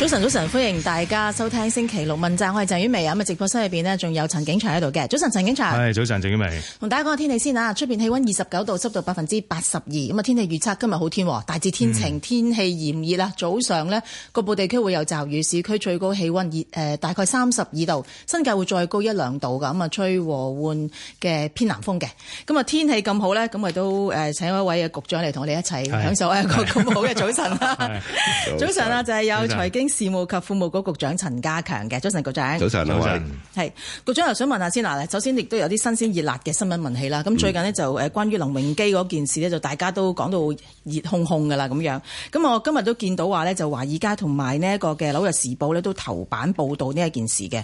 早晨，早晨，歡迎大家收聽星期六問責，我係鄭婉薇啊，咁啊直播室裏邊呢，仲有陳警察喺度嘅。早晨，陳警察。係早晨，鄭婉薇。同大家講下天氣先啊，出邊氣溫二十九度，濕度百分之八十二，咁啊天氣預測今日好天，天和，大致天晴，嗯、天氣炎熱啊，早上呢，局部地區會有驟雨，市區最高氣溫熱誒大概三十二度，新界會再高一兩度噶，咁啊吹和緩嘅偏南風嘅，咁啊天，天氣咁好咧，咁咪都誒請一位嘅局長嚟同我哋一齊享受一個咁好嘅早晨啦 早晨啊，就係、是、有財經。事務及庫務局局長陳家強嘅，早晨，局長。早晨，各位。係，局長又想問問下先。嗱，首先亦都有啲新鮮熱辣嘅新聞聞起啦，咁最近呢，就誒關於林榮基嗰件事呢，就大家都講到熱烘烘噶啦咁樣。咁我今日都見到話呢，就華爾街同埋呢個嘅紐約時報呢，都頭版報道呢一件事嘅。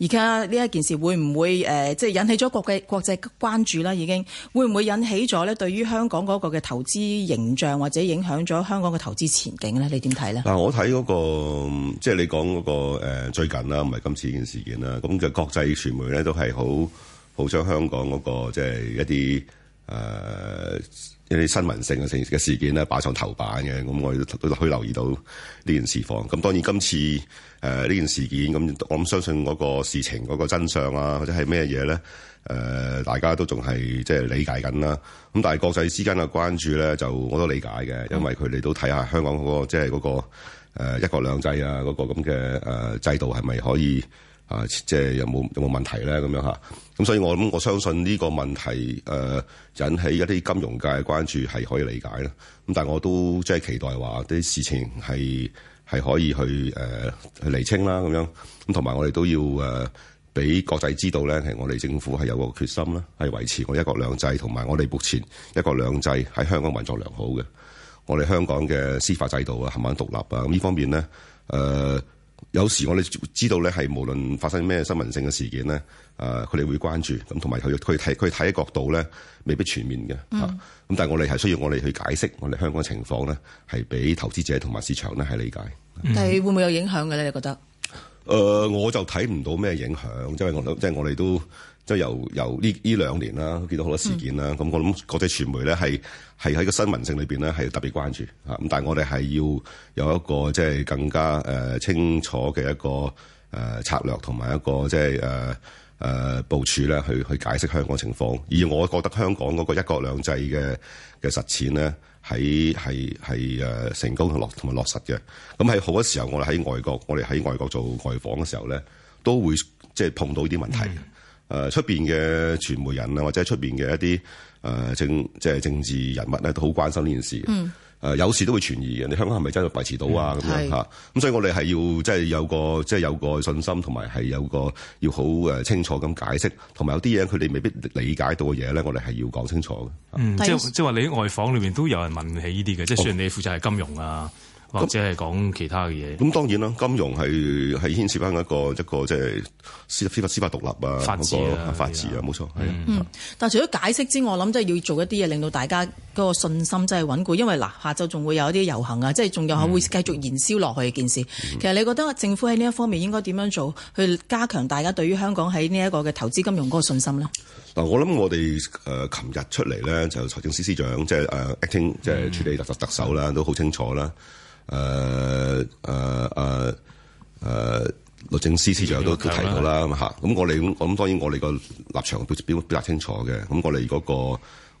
而家呢一件事會唔會誒即係引起咗國際國際關注啦？已經會唔會引起咗咧？對於香港嗰個嘅投資形象或者影響咗香港嘅投資前景咧？你點睇咧？嗱、那個，我睇嗰個即係你講嗰個誒最近啦，唔係今次件事件啦，咁嘅國際傳媒咧都係好好想香港嗰、嗰個即係、即係、一啲誒。呃啲新聞性嘅事嘅事件咧，擺上頭版嘅，咁我哋都去留意到呢件事況。咁當然今次誒呢、呃、件事件，咁我相信嗰個事情嗰、嗰個真相啊，或者係咩嘢咧？誒、呃，大家都仲係即係理解緊啦。咁但係國際之間嘅關注咧，就我都理解嘅，因為佢哋都睇下香港嗰、嗰個即係嗰個、呃、一國兩制啊嗰、嗰個咁嘅誒制度係咪可以？啊，即係有冇有冇問題咧？咁樣吓，咁所以我諗，我相信呢個問題誒、呃、引起一啲金融界嘅關注係可以理解啦。咁但係我都即係期待話啲事情係係可以去、呃、去釐清啦。咁樣咁同埋我哋都要誒俾、呃、國際知道咧，係我哋政府係有個決心啦，係維持我一國兩制，同埋我哋目前一國兩制喺香港運作良好嘅。我哋香港嘅司法制度啊，慢慢獨立啊。咁呢方面咧誒。呃有時我哋知道咧，係無論發生咩新聞性嘅事件咧，誒，佢哋會關注，咁同埋佢佢睇佢睇嘅角度咧，未必全面嘅嚇。咁、嗯、但係我哋係需要我哋去解釋我哋香港嘅情況咧，係俾投資者同埋市場咧係理解。嗯、但係會唔會有影響嘅咧？你覺得？誒，我就睇唔到咩影響，即係我即係我哋都。即由由呢呢兩年啦，見到好多事件啦，咁、嗯、我諗國際傳媒咧，係係喺個新聞性裏邊咧，係特別關注啊。咁但係我哋係要有一個即係更加誒、呃、清楚嘅一個誒、呃、策略同埋一個即係誒誒部署咧，去去解釋香港情況。而我覺得香港嗰個一國兩制嘅嘅實踐咧，喺係係誒成功同落同埋落實嘅。咁喺好多時候，我哋喺外國，我哋喺外國做外訪嘅時候咧，都會即係、就是、碰到呢啲問題。嗯誒出、呃、面嘅傳媒人啊，或者出面嘅一啲誒政即係政治人物咧，都好關心呢件事，嗯誒、呃、有時都會傳疑嘅，你香港係咪真係維持到啊？咁、嗯、樣咁所以我哋係要即係有個即係有個信心，同埋係有個要好誒清楚咁解釋，同埋有啲嘢佢哋未必理解到嘅嘢咧，我哋係要講清楚嘅。嗯，是即係即係話你喺外訪裏面都有人問起呢啲嘅，即係雖然你負責係金融啊。哦或者係講其他嘅嘢，咁當然啦。金融係係牽涉翻一個一個即係司司法司法獨立啊，法治啊，冇錯。係啊、係啊，嗯，但係除咗解釋之外，我諗即係要做一啲嘢，令到大家嗰個信心真係穩固。因為嗱，下晝仲會有一啲遊行啊，即係仲有會繼續燃燒落去嘅件事。嗯、其實你覺得政府喺呢一方面應該點樣做，去加強大家對於香港喺呢一個嘅投資金融嗰個信心呢？嗱，我諗我哋誒琴日出嚟咧，就財政司司長即係誒 acting 即係處理特首、嗯、特首啦，都好清楚啦。誒誒誒誒，律政司司長都都提到啦，咁嚇、嗯，咁我哋咁當然我哋個立場表表表達清楚嘅，咁我哋嗰、那個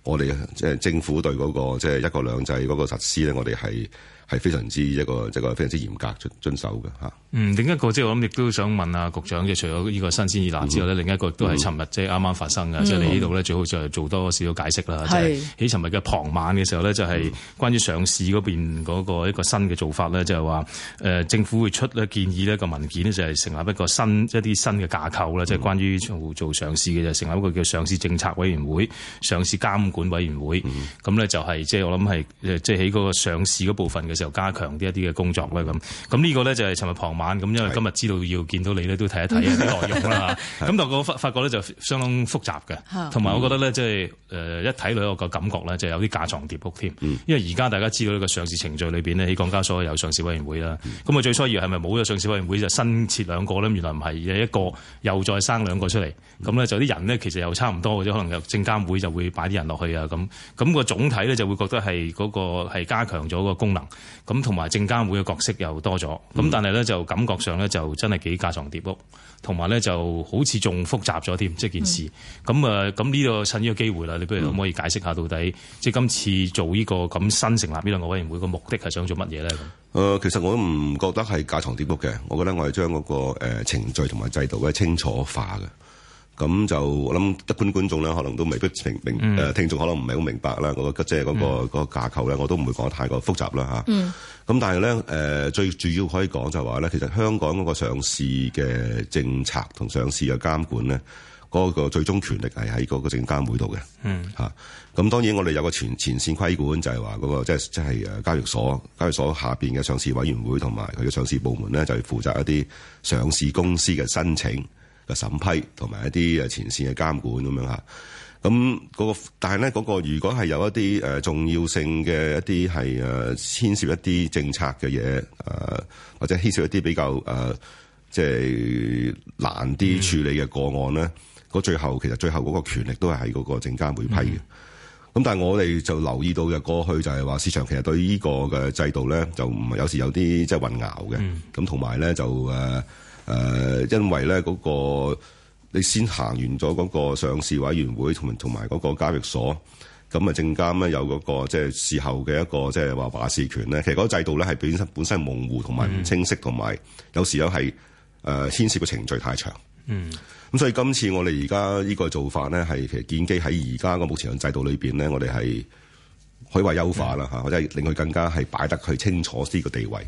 我哋即係政府對嗰、那個即係、就是、一國兩制嗰個實施咧，我哋係。係非常之一個即係非常之嚴格嘅遵守嘅嚇。嗯，另一個即係我諗亦都想問阿局長，嘅，除咗呢個新鮮熱辣之外咧，嗯、另一個都係尋日即係啱啱發生嘅，即係、嗯、你呢度呢，最好就係做多少少解釋啦。即係喺尋日嘅傍晚嘅時候呢，就係、是、關於上市嗰邊嗰個一個新嘅做法呢，就係話誒政府會出呢建議呢個文件呢，就係成立一個新一啲新嘅架構啦，即係、嗯、關於做做上市嘅就係、成立一個叫上市政策委員會、上市監管委員會。咁呢、嗯就係，就係即係我諗係即係喺嗰個上市嗰部分嘅。就加強啲一啲嘅工作啦，咁咁呢個咧就係尋日傍晚咁，因為今日知道要見到你咧，是的 都睇一睇啲內容啦。咁 是的 但我發發覺咧，就相當複雜嘅，同埋好我覺得咧、就係，即係誒一睇落個感覺咧，就有啲架床疊屋添。因為而家大家知道呢個上市程序裏邊呢，喺港交所有上市委員會啦。咁啊，最初以為係咪冇咗上市委員會就新設兩個咧？原來唔係，有一個又再生兩個出嚟。咁咧就啲人呢，其實又差唔多或者可能有證監會就會擺啲人落去啊。咁咁、嗰個總體咧就會覺得係嗰、嗰個係加強咗個功能。咁同埋證監會嘅角色又多咗，咁、嗯、但係咧就感覺上咧就真係幾架床疊屋，同埋咧就好似仲複雜咗添，即、就、係、是、件事。咁、嗯、啊，咁呢、這個趁呢個機會啦，你不如可唔可以解釋下到底、嗯、即係今次做呢、這個咁新成立呢兩個委員會嘅目的係想做乜嘢咧？誒，其實我都唔覺得係架床疊屋嘅，我覺得我係將嗰個程序同埋制度嘅清楚化嘅。咁就我諗，一般觀眾咧，可能都未必明明誒，聽眾可能唔係好明白啦。嗯即係嗰個即係嗰個架構咧，我都唔會講太過複雜啦嚇。咁、嗯、但係咧誒，最主要可以講就係話咧，其實香港嗰個上市嘅政策同上市嘅監管咧，嗰、嗰個最終權力係喺嗰個證監會度嘅嚇。咁、嗯啊、當然我哋有個前前線規管就、嗰個，就係話嗰個即係即係誒交易所，交易所下面嘅上市委員會同埋佢嘅上市部門咧，就係、係、負責一啲上市公司嘅申請。嘅審批同埋一啲誒前線嘅監管咁樣吓，咁、那、嗰個但係咧嗰個，如果係有一啲誒重要性嘅一啲係誒牽涉一啲政策嘅嘢，誒或者牽涉一啲比較誒即係難啲處理嘅個案咧，嗰、嗯、最後其實最後嗰個權力都係喺個證監會批嘅。咁、嗯、但係我哋就留意到嘅過去就係話市場，其實對呢個嘅制度咧就唔係，有時有啲即係混淆嘅，咁同埋咧就誒。呃誒、呃，因為咧、那、嗰個你先行完咗嗰個上市委員會，同埋同埋嗰個交易所，咁啊證監咧有嗰、那個即係、就是、事後嘅一個即係話話事權咧。其實嗰制度咧係本身本身模糊同埋唔清晰，同埋、嗯、有，有時候係誒、呃、牽涉嘅程序太長。嗯，咁所以今次我哋而家呢個做法咧，係其實建基喺而家個目前制度裏面咧，我哋係可以話優化啦、嗯、或者令佢更加係擺得佢清楚啲個地位。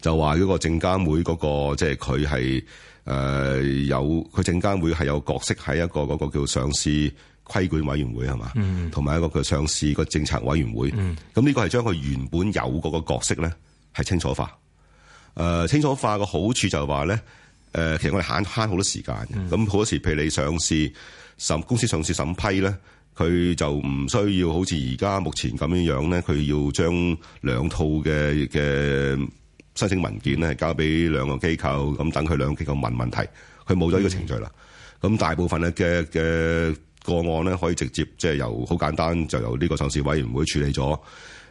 就話嗰個證監會嗰、嗰個，即係佢係誒有佢證監會係有角色喺一個嗰個叫上市規管委員會係嘛，同埋、嗯、一個叫上市個政策委員會。咁呢、嗯、個係將佢原本有嗰個角色咧係清楚化。誒、呃，清楚化個好處就話、是、咧，誒、呃，其實我哋慳慳好多時間。咁好、嗯、多時，譬如你上市審公司上市審批咧，佢就唔需要好似而家目前咁樣樣咧，佢要將兩套嘅嘅。申請文件咧，交俾兩個機構，咁等佢兩個機構問問題，佢冇咗呢個程序啦。咁、嗯、大部分咧嘅嘅個案咧，可以直接即係、就是、由好簡單就由呢個上市委員會處理咗。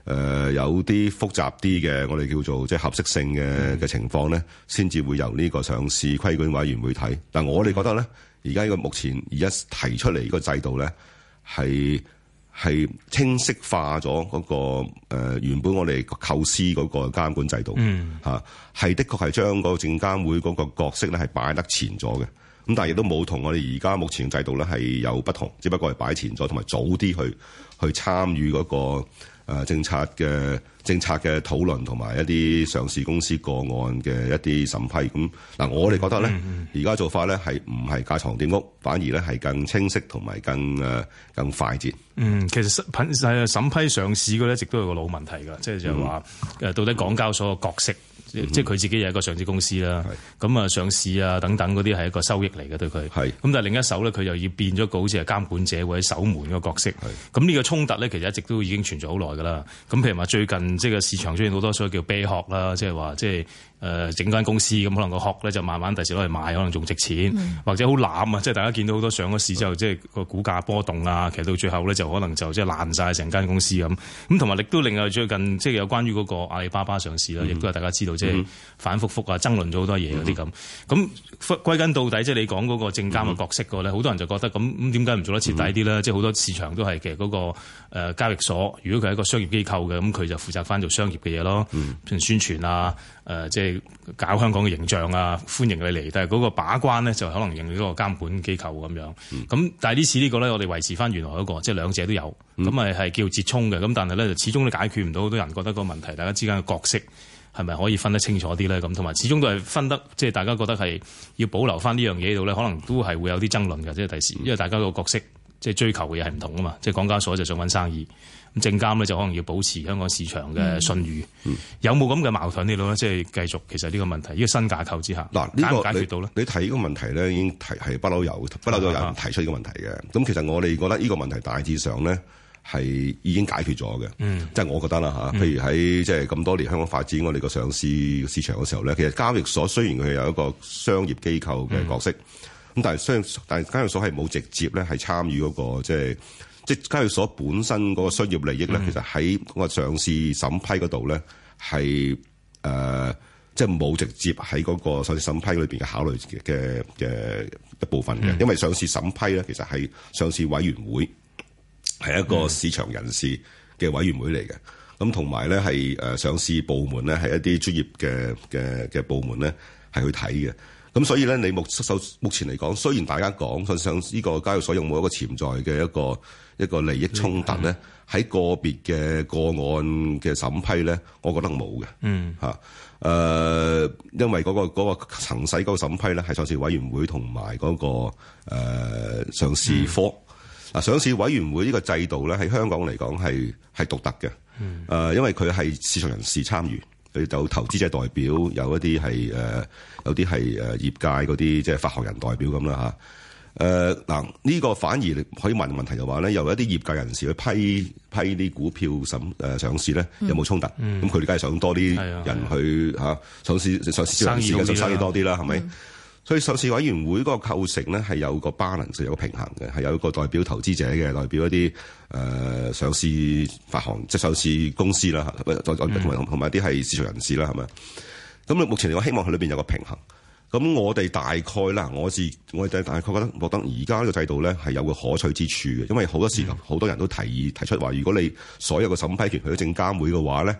誒，有啲複雜啲嘅，我哋叫做即係合適性嘅嘅情況咧，先至、嗯、會由呢個上市規管委員會睇。但我哋覺得咧，而家呢個目前而家提出嚟呢個制度咧，係係清晰化咗嗰、那個、呃、原本我哋構思嗰個監管制度。嚇係、嗯、的確係將個證監會嗰個角色咧係擺得前咗嘅。咁但係亦都冇同我哋而家目前制度咧係有不同，只不過係擺前咗，同埋早啲去去參與嗰、那個。誒、啊、政策嘅政策嘅討論同埋一啲上市公司個案嘅一啲審批，咁嗱我哋覺得咧，而家、嗯嗯、做法咧係唔係架床疊屋，反而咧係更清晰同埋更誒更快捷。嗯，其實審批上市嘅咧，一直都有一個老問題㗎，即係就係話誒到底港交所嘅角色。即係佢自己又係一個上市公司啦，咁啊是上市啊等等嗰啲係一個收益嚟嘅對佢，咁是但係另一手咧佢又要變咗個好似係監管者或者守門嘅角色，咁呢是個衝突咧其實一直都已經存在好耐㗎啦。咁譬如話最近即係個市場出現好多所謂叫啤殼啦，即係話即係。誒、呃，整間公司咁可能個殼咧就慢慢第時攞嚟賣，可能仲值錢，的或者好濫啊！即係大家見到好多上咗市之後，的即係個股價波動啊，其實到最後咧就可能就即係爛晒成間公司咁。咁同埋亦都令外最近即係有關於嗰個阿里巴巴上市啦，亦、嗯、都係大家知道即係反复复啊，爭論咗好多嘢嗰啲咁。咁歸根到底，即係你講嗰個證監嘅角色個咧，好、嗯、多人就覺得咁點解唔做得徹底啲咧？嗯、即係好多市場都係嘅嗰個誒交易所，如果佢係一個商業機構嘅，咁佢就負責翻做商業嘅嘢咯，譬如、嗯、宣傳啊，誒、呃、即係。搞香港嘅形象啊，歡迎你嚟，但係嗰個把關呢，就可能認呢個監管機構咁樣。咁、嗯、但係呢次呢個呢，我哋維持翻原來嗰個，即係兩者都有。咁咪係叫折衷嘅。咁但係就始終都解決唔到好多人覺得個問題，大家之間嘅角色係咪可以分得清楚啲呢？咁同埋始終都係分得，即、就、係、是、大家覺得係要保留翻呢樣嘢度呢，可能都係會有啲爭論嘅。即係第時，因為大家個角色即係、就是、追求嘅嘢係唔同啊嘛，即係港交所就想揾生意。證監咧就可能要保持香港市場嘅信譽，嗯嗯、有冇咁嘅矛盾呢？老咧？即係繼續，其實呢個問題，呢、呢個新架構之下，你、啊呢個、解，解決到咧？你提呢個問題咧，已經提係不嬲有不嬲有人提出呢個問題嘅。咁、啊、其實我哋覺得呢個問題大致上咧係已經解決咗嘅，即係、嗯、我覺得啦吓。譬如喺即係咁多年香港發展我哋個上市市場嘅時候咧，其實交易所雖然佢有一個商業機構嘅角色，咁、嗯、但係商但係交易所係冇直接咧係參與嗰個即係。即係即係交易所本身嗰個商業利益咧，其實喺、嗯呃就是、個上市審批嗰度咧，係誒即係冇直接喺嗰個上市審批裏邊嘅考慮嘅嘅一部分嘅。因為上市審批咧，其實，係上市委員會，係一個市場人士嘅委員會嚟嘅。咁同埋咧係誒上市部門咧係一啲專業嘅嘅嘅部門咧係去睇嘅。咁所以咧，你目目前嚟講，雖然大家講上上呢個交易所有冇一個潛在嘅一個。一個利益衝突咧，喺個別嘅個案嘅審批咧，我覺得冇嘅。嗯，嚇，誒，因為嗰個嗰個層洗嗰個審批咧，係上市委員會同埋嗰個上市科。嗱，上市委員會呢個制度咧，喺香港嚟講係係獨特嘅。嗯，誒，因為佢係市場人士參與，佢就投資者代表，有一啲係誒，有啲係誒業界嗰啲即係法學人代表咁啦嚇。誒嗱，呢、呃呢個反而可以問問題就話咧，由一啲業界人士去批批啲股票審誒上市咧，有冇衝突？咁佢哋梗係想多啲人去嚇、啊、上市，上市時間就生意、啊、多啲啦，係咪？嗯、所以上市委員會個構成咧係有個 balance，有個平衡嘅，係有一個代表投資者嘅，代表一啲誒、呃、上市發行即上市公司啦，同埋同埋啲係市場人士啦，係咪？咁目前我希望佢裏邊有個平衡。咁我哋大概啦，我自我哋大概覺得覺得而家呢個制度咧係有個可取之處嘅，因為好多時候好多人都提提出話，如果你所有嘅審批權去到證監會嘅話咧，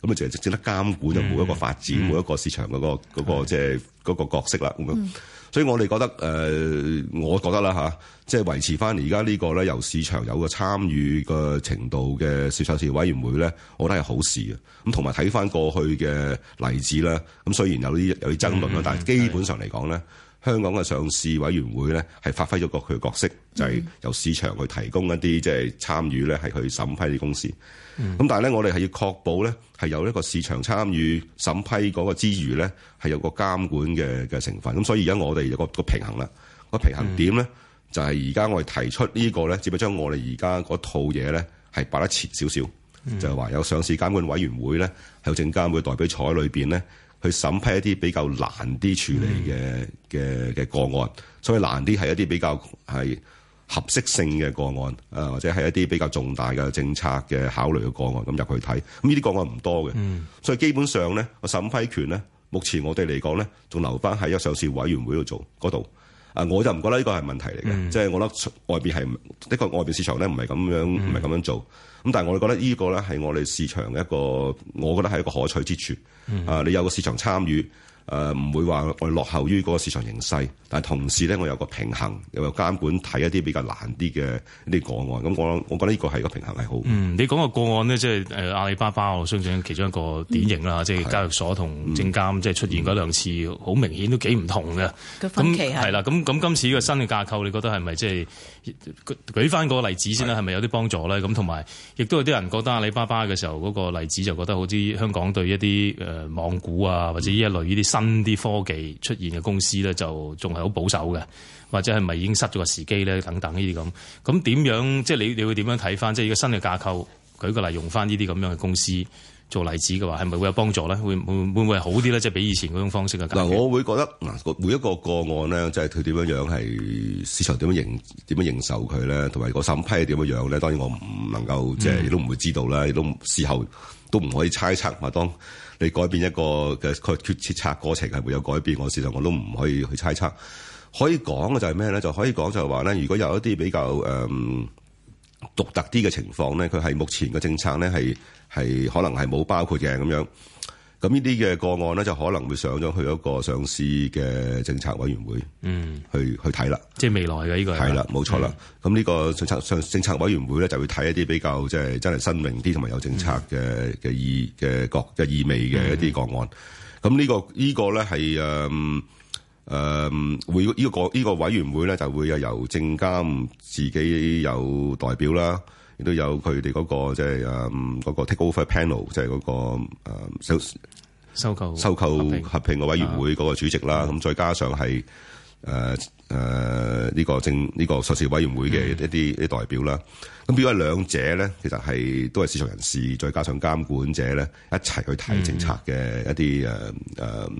咁啊就係直接得監管就冇一個發展，冇、嗯、一個市場嗰、嗰個嗰即係嗰個角色啦咁、嗯所以我哋覺得，誒、呃，我覺得啦、啊、即係維持翻而家呢個咧，由市場有個參與嘅程度嘅市場事委員會咧，我覺得係好事嘅。咁同埋睇翻過去嘅例子呢，咁雖然有啲有啲爭論啦，但係基本上嚟講咧，嗯香港嘅上市委員會咧，係發揮咗個佢嘅角色，就係、是、由市場去提供一啲即係參與咧，係去審批啲公司。咁、嗯、但係咧，我哋係要確保咧，係有呢個市場參與審批嗰個之餘咧，係有個監管嘅嘅成分。咁所以而家我哋有個個平衡啦，個平衡點咧，嗯、就係而家我哋提出呢、呢個咧，只不過將我哋而家嗰套嘢咧，係擺得前少少，嗯、就係話有上市監管委員會咧，有證監會代表坐喺裏邊咧。去審批一啲比較難啲處理嘅嘅嘅個案，嗯、所以難啲係一啲比較係合適性嘅個案，啊或者係一啲比較重大嘅政策嘅考慮嘅個案，咁入去睇，咁呢啲個案唔多嘅。所以基本上咧，個審批權咧，目前我哋嚟講咧，仲留翻喺一個上市委員會度做嗰度。啊我就唔覺得呢個係問題嚟嘅，即係、嗯、我覺得外面係的確外邊市場咧唔係咁樣唔係咁樣做。咁但係我哋覺得呢個咧係我哋市場嘅一個，我覺得係一個可取之處啊，你有個市場參與。誒唔、呃、會話我落後於嗰個市場形勢，但同時咧，我有個平衡，又有個監管睇一啲比較難啲嘅啲個案。咁我我覺得呢個係個平衡係好。嗯，你講個個案呢，即係阿里巴巴我相信其中一個典型啦，嗯、即係交易所同證監、嗯、即係出現嗰兩次，好、嗯、明顯都幾唔同嘅。個分歧係啦，咁咁那的今次依個新嘅架構，你覺得係咪即係舉翻個例子先啦？係咪的有啲幫助咧？咁同埋亦都有啲人覺得阿里巴巴嘅時候嗰、那個例子就覺得好似香港對一啲、呃、網股啊或者呢一類呢啲。新啲科技出現嘅公司咧，就仲係好保守嘅，或者係咪已經失咗個時機咧？等等呢啲咁，咁點樣即係你，你會點樣睇翻？即係一個新嘅架構，舉個例，用翻呢啲咁樣嘅公司做例子嘅話，係咪會有幫助咧？會會會唔會好啲咧？即係比以前嗰種方式嘅嗱，我會覺得嗱，每一個個案咧，即係佢點樣樣係市場點樣認點樣認受佢咧，同埋個審批點樣樣咧，當然我唔能夠即係都唔會知道啦，亦都事後都唔可以猜測當你改變一個嘅決策過程係會有改變，我事實我都唔可以去猜測。可以講嘅就係咩咧？就可以講就係話咧，如果有一啲比較誒、嗯、獨特啲嘅情況咧，佢係目前嘅政策咧係係可能係冇包括嘅咁樣。咁呢啲嘅個案咧，就可能會上咗去一個上市嘅政策委員會，嗯，去去睇啦。即係未來嘅呢個係啦，冇錯啦。咁呢個個政策政策委員會咧，就會睇一啲比較即係真係新穎啲同埋有政策嘅嘅意嘅各嘅意味嘅一啲個案。咁呢個、呢個呢、呢個咧係誒誒呢個呢個,、呢個委員會咧，就會由證監自己有代表啦。亦都有佢哋嗰個即係誒嗰個 takeover panel，即係嗰個收收購收購合併嘅委員會嗰個主席啦。咁的再加上係誒誒呢個政呢個上市委員會嘅一啲啲代表啦。咁如果兩者咧，其實係都係市場人士，再加上監管者咧，一齊去睇政策嘅一啲誒誒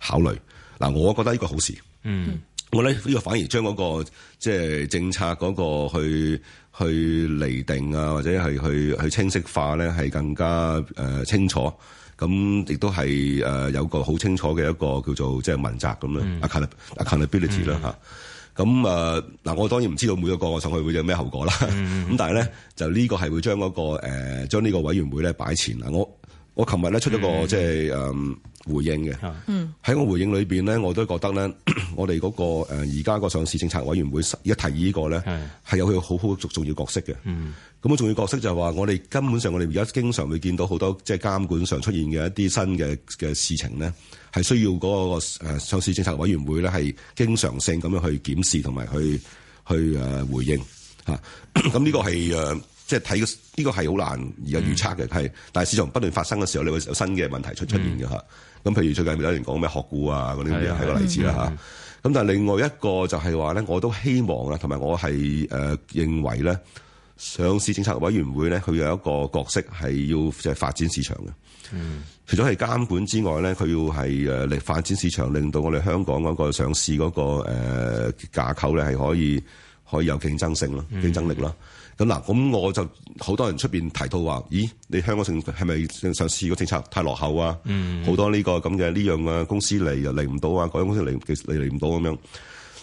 考慮。嗱，我覺得呢個好事。嗯。我咧呢個反而將嗰個即係政策嗰個去去釐定啊，或者係去去清晰化咧，係更加誒清楚。咁亦都係誒有個好清楚嘅一個叫做即係問責咁樣，accountability 啦，吓，咁啊。嗱，我當然唔知道每一個我上去會有咩後果啦。咁、嗯、但係咧，就呢個係會將嗰個誒將呢個委員會咧擺前啊我。我琴日咧出咗個即係誒回應嘅。喺、嗯、我回應裏邊咧，我都覺得咧，我哋嗰個而家個上市政策委員會一提議呢、呢個咧，係有佢好好重重要嘅角色嘅。咁啊、嗯，個重要角色就係話，我哋根本上我哋而家經常會見到好多即係監管上出現嘅一啲新嘅嘅事情咧，係需要嗰個上市政策委員會咧係經常性咁樣去檢視同埋去去誒回應嚇。咁呢個係誒。嗯即係睇個呢個係好難而家預測嘅，係、嗯、但係市場不斷發生嘅時候，你會有新嘅問題出出現嘅咁、嗯、譬如最近有啲人講咩學股啊嗰啲，係一個例子啦咁，但係另外一個就係話咧，我都希望啊，同埋我係誒認為咧，上市政策委員會咧，佢有一個角色係要即係發展市場嘅。嗯。除咗係監管之外咧，佢要係誒嚟發展市場，令到我哋香港嗰個上市嗰個誒架構咧係可以可以有競爭性咯、競爭力咯。嗯嗯咁嗱，咁我就好多人出面提到話，咦？你香港政係咪上市個政策太落後啊？好、mm hmm. 多呢、呢個咁嘅呢樣嘅公司嚟又嚟唔到啊，各種公司嚟嚟唔到咁樣。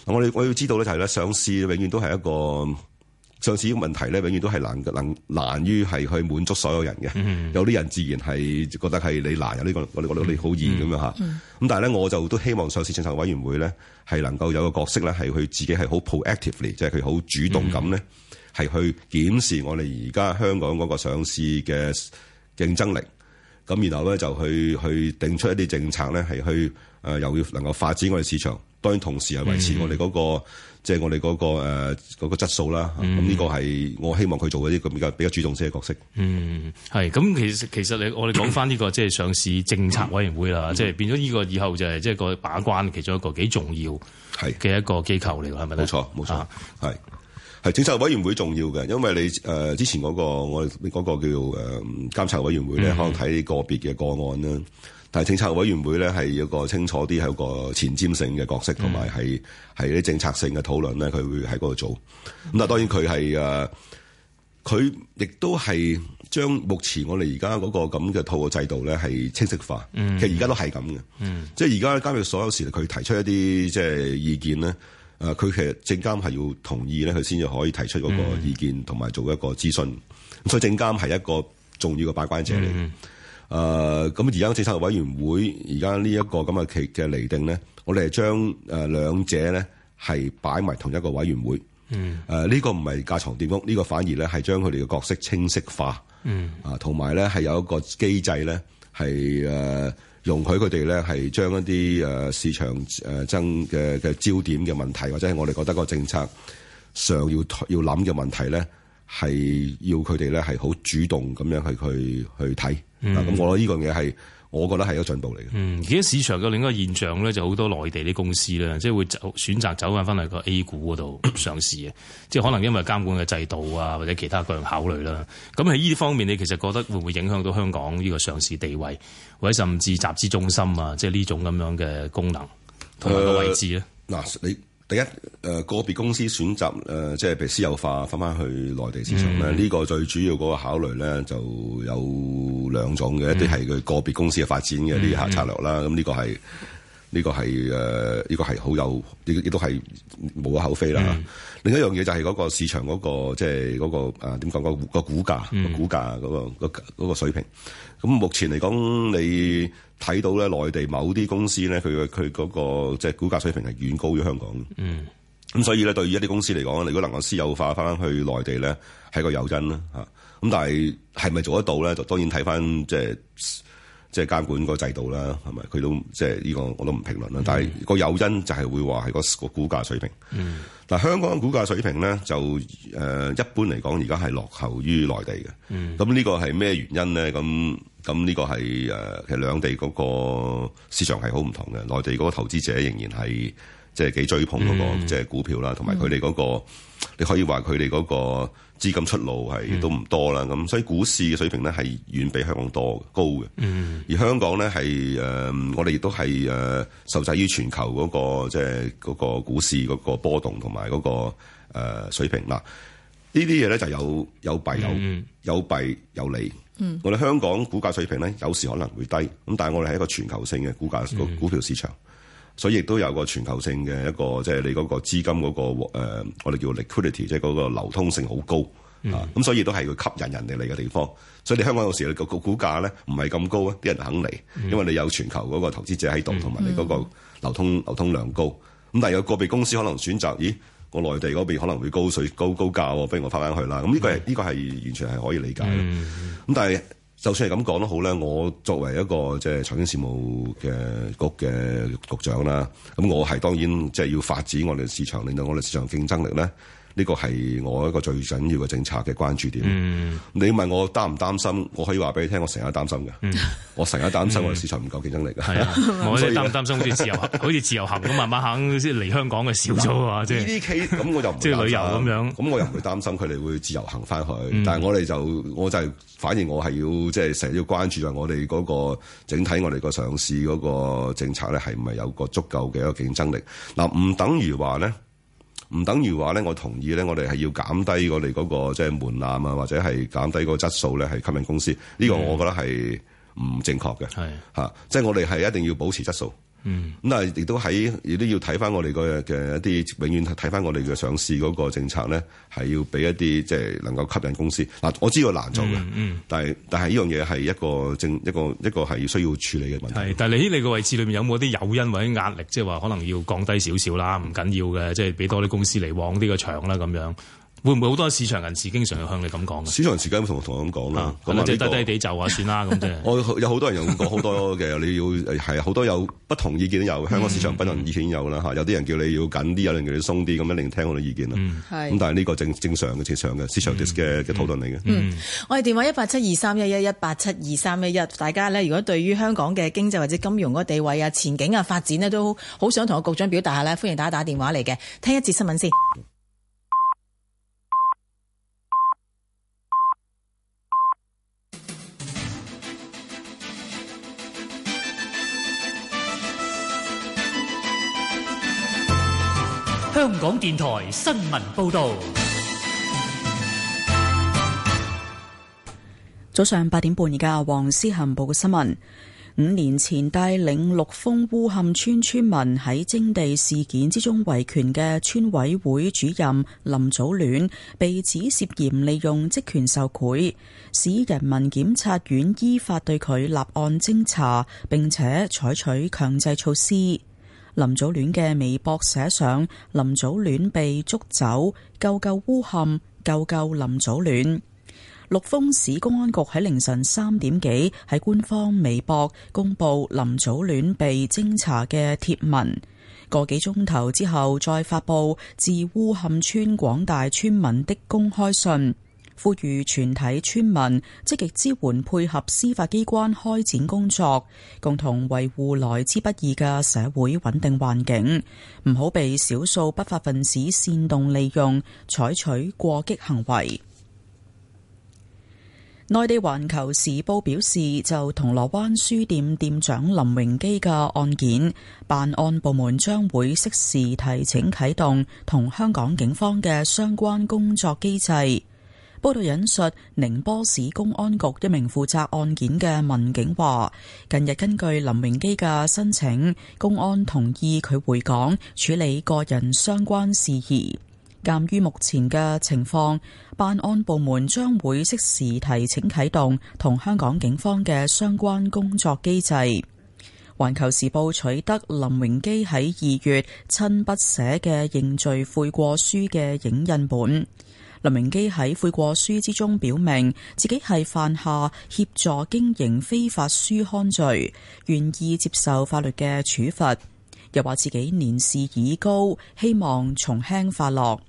我哋我要知道咧就係、是、咧，上市永遠都係一個上市呢個問題咧，永遠都係難難難於係去滿足所有人嘅。Mm hmm. 有啲人自然係覺得係你難，有呢個我哋覺得你好易咁樣咁、mm hmm. 但係咧，我就都希望上市政策委員會咧係能夠有個角色咧，係佢自己係好 proactively，即係佢好主動咁咧、mm。Hmm. 係去檢視我哋而家香港嗰個上市嘅競爭力，咁然後咧就去去定出一啲政策咧，係去誒、呃、又要能夠發展我哋市場，當然同時係維持我哋嗰、那個即係、嗯、我哋嗰、那個誒嗰、呃那個、質素啦。咁呢、嗯、個係我希望佢做的一啲咁比較比較主動性嘅角色。嗯，係。咁其實其實你我哋講翻呢個即係 上市政策委員會啦，即係、嗯、變咗呢個以後就係即係個把關其中一個幾重要嘅一個機構嚟㗎，係咪咧？冇錯，冇錯，係、啊。係政策委員會重要嘅，因為你誒、呃、之前嗰、嗰個我哋嗰個叫誒監察委員會咧，嗯、可能睇個別嘅個案啦。但係政策委員會咧係有個清楚啲，係一個前瞻性嘅角色，同埋係係啲政策性嘅討論咧，佢會喺嗰度做。咁但係當然佢係誒，佢亦都係將目前我哋而家嗰個咁嘅套嘅制度咧，係清晰化。嗯、其實而家都係咁嘅，嗯、即係而家監獄所有事，佢提出一啲即係意見咧。誒佢其實證監係要同意咧，佢先至可以提出嗰個意見同埋做一個諮詢。嗯、所以證監係一個重要嘅把關者嚟。誒咁而家政策委員會而家呢一個咁嘅嘅釐定咧，我哋係將誒、呃、兩者咧係擺埋同一個委員會。誒呢、嗯呃呢個唔係架床疊屋，呢、呢個反而咧係將佢哋嘅角色清晰化。啊、嗯，同埋咧係有一個機制咧係誒。呃容許佢哋咧係將一啲誒市場誒爭嘅嘅焦點嘅問題，或者係我哋覺得個政策上要要諗嘅問題咧，係要佢哋咧係好主動咁樣去去去睇。咁、嗯、我覺得呢樣嘢係。我覺得係一個進步嚟嘅。嗯，而家市場嘅另一個現象咧，就好多內地啲公司咧，即係會走選擇走翻翻嚟個 A 股嗰度上市嘅。即係可能因為監管嘅制度啊，或者其他各樣考慮啦。咁喺呢啲方面，你其實覺得會唔會影響到香港呢個上市地位，或者甚至集資中心啊，即係呢種咁樣嘅功能同埋個位置咧？嗱、呃，你。第一，誒個別公司選擇誒即係被私有化，翻翻去內地市場咧，呢、嗯、個最主要嗰個考慮咧就有兩種嘅，嗯、一啲係佢個別公司嘅發展嘅啲策策略啦，咁呢、嗯、個係呢、呢個係誒呢個係好有，亦亦都係無可厚非啦。嗯、另一樣嘢就係嗰個市場嗰、嗰個即係嗰個誒點講個個股價個、嗯、股價嗰、嗰個嗰、嗰個水平。咁目前嚟講，你睇到咧內地某啲公司咧，佢嘅佢個即係股價水平係遠高咗香港的。嗯。咁所以咧，對於一啲公司嚟講，如果能夠私有化翻去內地咧，係個誘因啦吓。咁但係係咪做得到咧？就當然睇翻即係即係監管嗰個制度啦。係咪？佢都即係呢個我都唔評論啦。嗯。但係個誘因就係會話係嗰個股價水平。嗯。但香港嘅股價水平咧，就誒一般嚟講而家係落後於內地嘅。嗯。咁呢個係咩原因咧？咁咁呢個係誒，其實兩地嗰個市場係好唔同嘅。內地嗰個投資者仍然係即係幾追捧嗰個即係股票啦，同埋佢哋嗰個，你可以話佢哋嗰個資金出路係都唔多啦。咁、嗯、所以股市嘅水平咧係遠比香港多高嘅。嗯、而香港咧係誒，我哋亦都係誒受制於全球嗰、嗰個即係嗰個股市嗰個波動同埋嗰個誒水平啦。呢啲嘢咧就有有弊有有弊有利。我哋香港股價水平咧，有時可能會低，咁但係我哋係一個全球性嘅股價個股票市場，嗯、所以亦都有個全球性嘅一個即係、就是、你嗰個資金嗰、那個誒、呃，我哋叫 liquidity，即係嗰個流通性好高、嗯、啊，咁所以都係會吸引人哋嚟嘅地方。所以你香港有時你個個股價咧唔係咁高，啲人肯嚟，因為你有全球嗰個投資者喺度，同埋你嗰個流通流通量高。咁但係有個別公司可能選擇，咦？我內地嗰邊可能會高水高高價，不如我翻返去啦。咁呢個係呢、嗯、個係完全係可以理解嘅。咁、嗯、但係就算係咁講都好咧，我作為一個即係財經事務嘅局嘅局長啦，咁我係當然即係、就是、要發展我哋市場，令到我哋市場競爭力咧。呢個係我一個最緊要嘅政策嘅關注點。嗯、你問我擔唔擔心，我可以話俾你聽，我成日擔心嘅。嗯、我成日擔心我哋市場唔夠競爭力嘅。係、嗯、 啊， 我即係擔唔擔心好似自由行，好似自由行咁慢慢行，即係嚟香港嘅少咗啊！嗯、即呢啲企咁，些 case, 我就即係旅遊咁樣，咁我又唔會擔心佢哋會自由行翻去。嗯、但係我哋就我就係，反而我係要即係成日要關注啊！我哋嗰個整體我哋個上市嗰個政策咧，係唔係有個足夠嘅一個競爭力？嗱、啊，唔等於話咧。唔等於話咧，我同意咧，我哋係要減低我哋嗰個即係門檻啊，或者係減低嗰個質素咧，係吸引公司。呢個我覺得係唔正確嘅，係吓是，即係我哋係一定要保持質素。嗯，咁啊，亦都喺亦都要睇翻我哋嘅一啲，永遠睇翻我哋嘅上市嗰個政策咧，係要俾一啲即係能夠吸引公司。嗱，我知道難做嘅、嗯嗯，但係但係呢樣嘢係一個正一個一個係需要處理嘅問題。係、嗯，嗯、但係你喺你個位置裏面有冇啲誘因或者壓力，即係話可能要降低少少啦，唔緊要嘅，即係俾多啲公司嚟往呢個場啦咁樣。會唔會好多市場人士經常向你咁講？市場時間同同我咁講啦，咁即係低低哋就下算啦，咁即我有好多人用講好多嘅，你要係好多有不同意見，有香港市場不同意見有啦嚇。嗯、有啲人叫你要緊啲，有啲人叫你鬆啲，咁樣聆聽我啲意見啦。咁、嗯、但係呢個正正常嘅市場嘅市場嘅嘅討論嚟嘅。嗯，嗯我哋電話一八七二三一一一八七二三一一，大家咧如果對於香港嘅經濟或者金融個地位啊、前景啊、發展咧，都好想同我局長表達下咧，歡迎大家打電話嚟嘅。聽一節新聞先。香港電台新聞報道：早上八點半而家，黃思含報嘅新聞。五年前帶領陸豐烏坎村村民喺徵地事件之中維權嘅村委會主任林祖戀，被指涉嫌利用職權受賄，市人民檢察院依法對佢立案偵查，並且採取強制措施。林祖戀嘅微博寫上：林祖戀被捉走，救救烏坎，救救林祖戀。陸豐市公安局喺凌晨三點幾喺官方微博公布林祖戀被偵查嘅貼文，個幾鐘頭之後再發布致烏坎村廣大村民的公開信。呼籲全體村民積極支援配合司法機關開展工作，共同維護來之不易嘅社會穩定環境，唔好被少數不法分子煽動利用，採取過激行為。內地環球時報表示，就銅鑼灣書店店長林榮基嘅案件，辦案部門將會適時提請啟動同香港警方嘅相關工作機制。報道引述寧波市公安局一名負責案件嘅民警話：近日根據林榮基嘅申請，公安同意佢回港處理個人相關事宜。鑒於目前嘅情況，辦案部門將會適時提請啟動同香港警方嘅相關工作機制。環球時報取得林榮基喺二月親筆寫嘅認罪悔過書嘅影印本。林榮基喺悔過書之中表明自己係犯下協助經營非法書刊罪，願意接受法律嘅處罰。又話自己年事已高，希望從輕發落。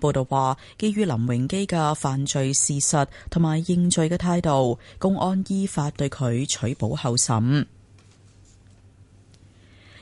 報道話，基於林榮基嘅犯罪事實同埋認罪嘅態度，公安依法對佢取保候審。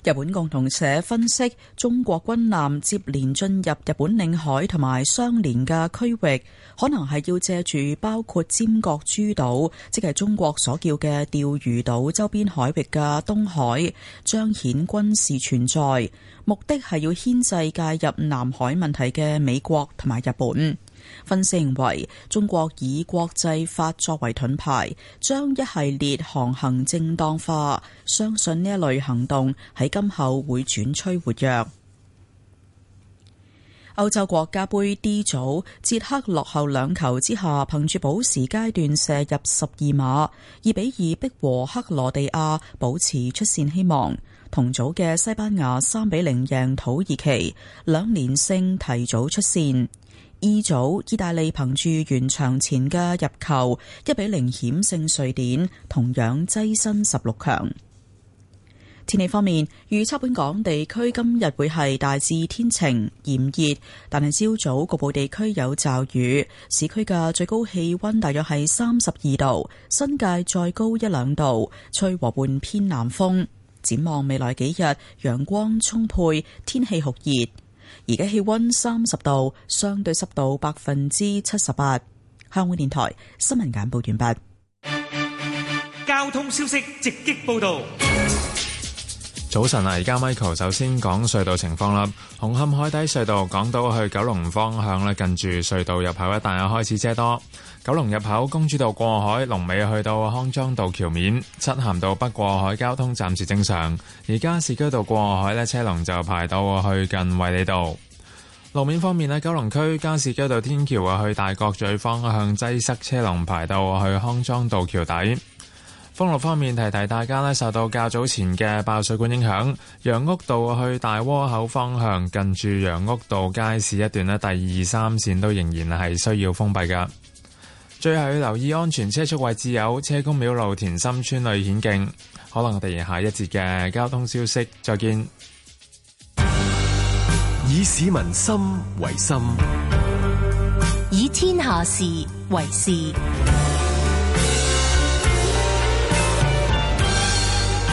日本共同社分析，中國軍艦接連進入日本領海同埋相連嘅區域，可能係要借住包括尖閣諸島，即係中國所叫嘅釣魚島周邊海域嘅東海，彰顯軍事存在，目的係要牽制介入南海問題嘅美國同埋日本。分析認為，中國以國際法作為盾牌，將一系列航行正當化。相信呢一類行動喺今後會轉趨活躍。歐洲國家杯 D 組，捷克落後兩球之下，憑住補時階段射入十二碼，二比二逼和克羅地亞，保持出線希望。同組嘅西班牙三比零贏土耳其兩連勝提早出線。E 組，意大利憑住完場前嘅入球，一比零險勝瑞典，同樣躋身十六強。天氣方面，預測本港地區今日會係大致天晴炎熱，但係朝早局部地區有驟雨。市區嘅最高氣溫大約係三十二度，新界再高一兩度，吹和緩偏南風。展望未來幾日，陽光充沛，天氣酷熱。而家氣温三十度，相對濕度百分之七十八。香港電台新聞簡報完畢。交通消息直擊報道。早晨啊！而家 Michael 首先講隧道情況啦。紅磡海底隧道港島去九龍方向近住隧道入口一帶開始車多。九龍入口公主道過海，龍尾去到康莊道橋面，漆咸道北過海交通暫時正常。而加士居道過海車車龍就排到去近衛理道。路面方面九龍區加士居道天橋啊，去大角咀方向擠塞車龍，車龍排到去康莊道橋底。公路方面，提提大家呢受到較早前嘅爆水管影響，楊屋道去大窩口方向近住楊屋道街市一段呢，第二三線都仍然係需要封閉噶。最後要留意安全車速位置有車公廟路田心村里險境。可能我哋下一節嘅交通消息再見。以市民心為心，以天下事為事。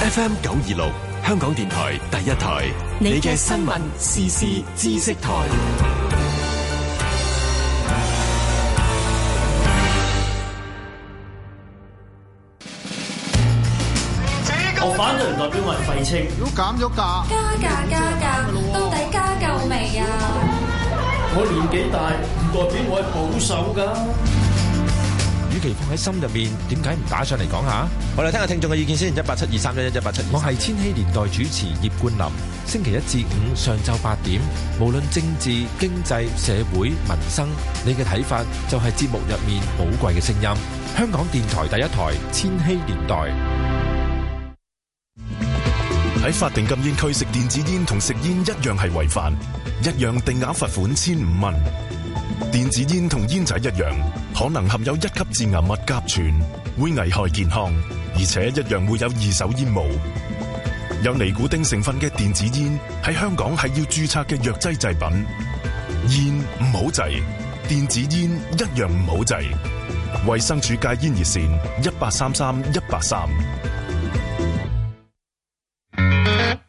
FM 九二六，香港電台第一台，你嘅新聞時事知識台。我反對唔代表我係廢青，如果減咗價，加價加價，到底加夠未啊？我年紀大，唔代表我係保守噶。放喺心入面，點解唔打上嚟講下？我哋聽下聽眾嘅意見先，一八七二三一一一八七。我係千禧年代主持葉冠霖。星期一至五上晝八點，無論政治、經濟、社會、民生，你嘅睇法就係節目入面寶貴嘅聲音。香港電台第一台千禧年代。喺法定禁煙區食電子煙同食煙一樣係違法，一樣定額罰款千五蚊。電子煙同煙仔一樣，可能含有一級致癌物甲醛，會危害健康，而且一樣會有二手煙霧。有尼古丁成分嘅電子煙喺香港係要註冊嘅藥劑製品。煙唔好制，電子煙一樣唔好制。衛生署戒煙熱線：一八三三一八三。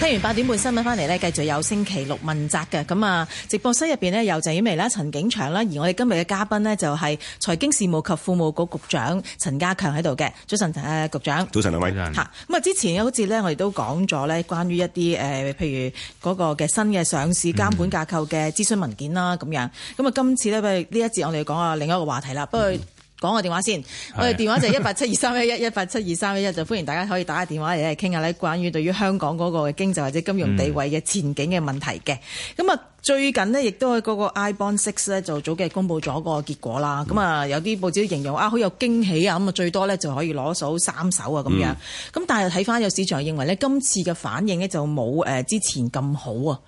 聽完八點半的新聞翻嚟呢，繼續有星期六問責嘅咁啊！直播室入邊呢，有鄭婉薇啦、陳景祥啦，而我哋今日嘅嘉賓呢就係財經事務及庫務局局，局長陳家強喺度嘅。早晨，誒、呃，局長。早晨兩位。吓上，咁啊，之前好似呢我哋都講咗呢，關於一啲誒、呃，譬如嗰個嘅新嘅上市監管架構嘅諮詢文件啦，咁、嗯、樣。咁啊，今次咧，不如呢一節我哋講下另一個話題啦。不過、嗯講個電話先，我哋電話就係一八七二三一一一八七二三一一就歡迎大家可以打下電話嚟嚟傾下咧，關於對於香港嗰個經濟或者金融地位嘅前景嘅問題嘅。咁啊、嗯，最近呢亦都係嗰個 I Bond Six 咧就早幾日公布咗個結果啦。咁、嗯、啊，有啲報紙都形容啊好有驚喜啊。咁啊，最多呢就可以攞數三手啊咁樣。咁、嗯、但係睇翻有市場認為呢，今次嘅反應呢就冇之前咁好啊。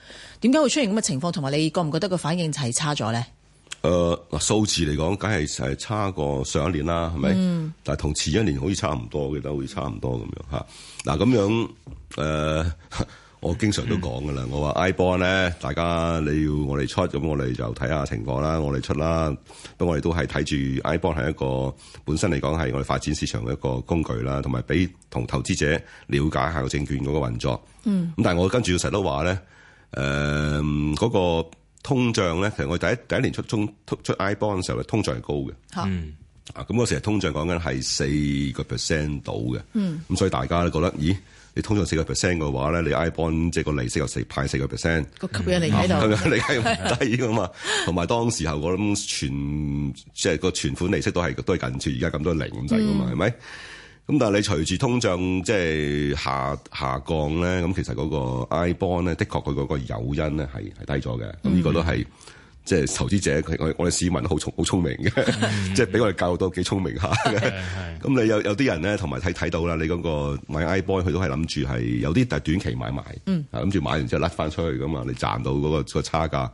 點解會出現咁嘅情況？同埋你覺唔覺得個反應係差咗呢？誒，嗱數、呃、字嚟講，梗係係差過上一年啦，係咪？嗯、但係同前一年好似差唔多嘅，都好似差唔多咁樣吓。嗱、啊，咁樣誒、呃，我經常都講噶啦，嗯、我話 iBond 咧，大家你要我哋出，咁我哋就睇下情況啦，我哋出啦。咁我哋都係睇住 iBond 係一個本身嚟講係我哋發展市場嘅一個工具啦，同埋俾同投資者了解下個證券嗰個運作。嗯。咁但係我跟住成日都話咧，誒、呃，嗰、嗰個。通脹咧，其實我第一第一年出中出 I bond 嘅時候咧，通脹係高嘅。嗯。啊，咁我成日通脹講緊係四個 percent 到嘅。嗯。咁所以大家都覺得，咦？你通脹四個 percent 嘅話咧，你 I bond 即係個利息又四派四個 percent。個級別利息喺度。係咪 利息唔低啊嘛？同埋 當時候我諗存即係個存款利息都係都係近住而家咁多零咁滯噶嘛？係咪？嗯？ 咁但係你隨住通脹即係下下降咧，咁其實嗰個 iBond 咧，的確佢嗰個誘因咧係係低咗嘅。咁呢個都係即係投資者，佢我我哋市民好聰好聰明嘅，即係俾我哋教到幾聰明下嘅。咁、嗯、你有有啲人咧，同埋睇睇到啦，你嗰個買 iBond，佢都係諗住係有啲，但短期買賣，嗯，諗住買完之後甩翻出去噶嘛，你賺到嗰個個差價。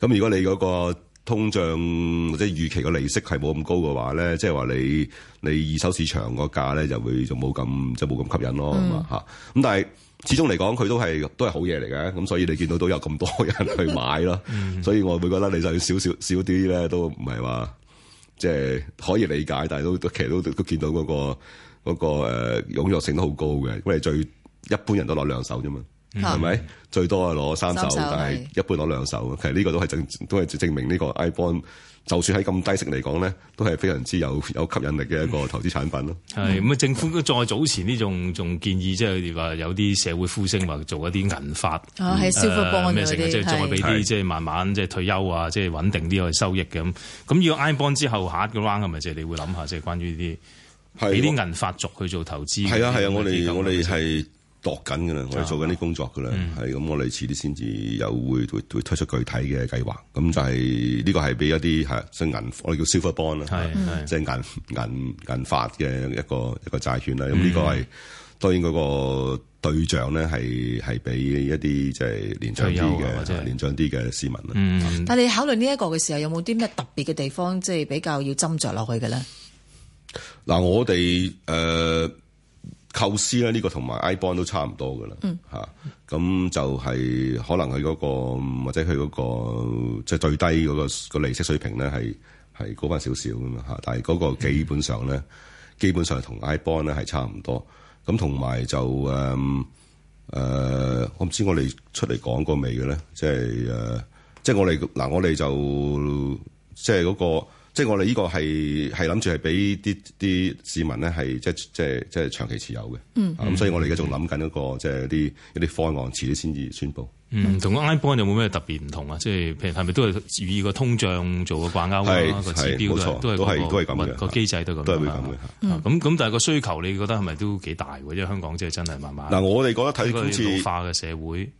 咁如果你嗰、嗰個通脹或者預期嘅利息係冇咁高嘅話咧，即係話你你二手市場個價咧就會就冇咁即冇咁吸引咯，咁咁、嗯、但係始終嚟講佢都係都係好嘢嚟嘅，咁所以你見到都有咁多人去買咯。嗯、所以我會覺得你就少少少啲咧，都唔係話即係可以理解，但係都都其實都都見到嗰個嗰個誒踴、呃、躍性都好高嘅。我哋最一般人都攞兩手啫嘛。係咪最多係攞三手，但係一般攞兩手。其實呢個都係證，都係證明呢個 iBond 就算喺咁低息嚟講咧，都係非常之有有吸引力嘅一個投資產品咯。係咁啊！政府再早前呢仲仲建議即係佢哋話有啲社會呼聲話做一啲銀發啊，消費幫咗咩即係再俾啲即係慢慢即係退休啊，即係穩定啲去收益嘅咁。咁要 iBond 之後下一個 round 係咪即係你會諗下即係關於呢啲俾啲銀發族去做投資？係啊係啊！我哋我哋係。我做緊嘅啦，我哋做緊啲工作嘅啦，係咁、啊，嗯、我哋遲啲先至又會會推出具體嘅計劃。咁就係、是、呢、這個係俾一啲係即係銀，我哋叫 silver bond 啦，即係銀銀銀發嘅一個一個債券啦。咁呢、嗯、個係當然嗰個對象咧係係俾一啲即係年長啲嘅或者年長啲嘅市民啦。嗯、但係你考慮呢一個嘅時候，有冇啲咩特別嘅地方，即、就、係、是、比較要斟酌落去嘅咧？嗱，我哋誒。構思咧，呢、這個同埋 I bond 都差唔多㗎喇，咁、嗯啊、就係、是、可能佢嗰、那個或者佢嗰、那個即係、就是、最低嗰個利息水平咧，係高返少少咁啊！但係嗰個基本上咧，嗯、基本上同 I bond 咧係差唔多。咁同埋就誒我唔知我哋出嚟講過未嘅咧，即係即係我哋嗱，我哋就即係嗰個。即係我哋呢個係係諗住係俾啲啲市民咧係即係即係即係長期持有嘅。咁所以我哋而家仲諗緊一個即係啲一啲方案，遲啲先至宣佈。嗯，同個 iBond 有冇咩特別唔同啊？即係譬如係咪都係以個通脹做個掛鈎個指標嘅？都係都係都係咁嘅個機制都係咁嘅。咁咁，但係個需求你覺得係咪都幾大嘅？因為香港即係真係慢慢。嗱，我哋覺得睇好老化嘅社會。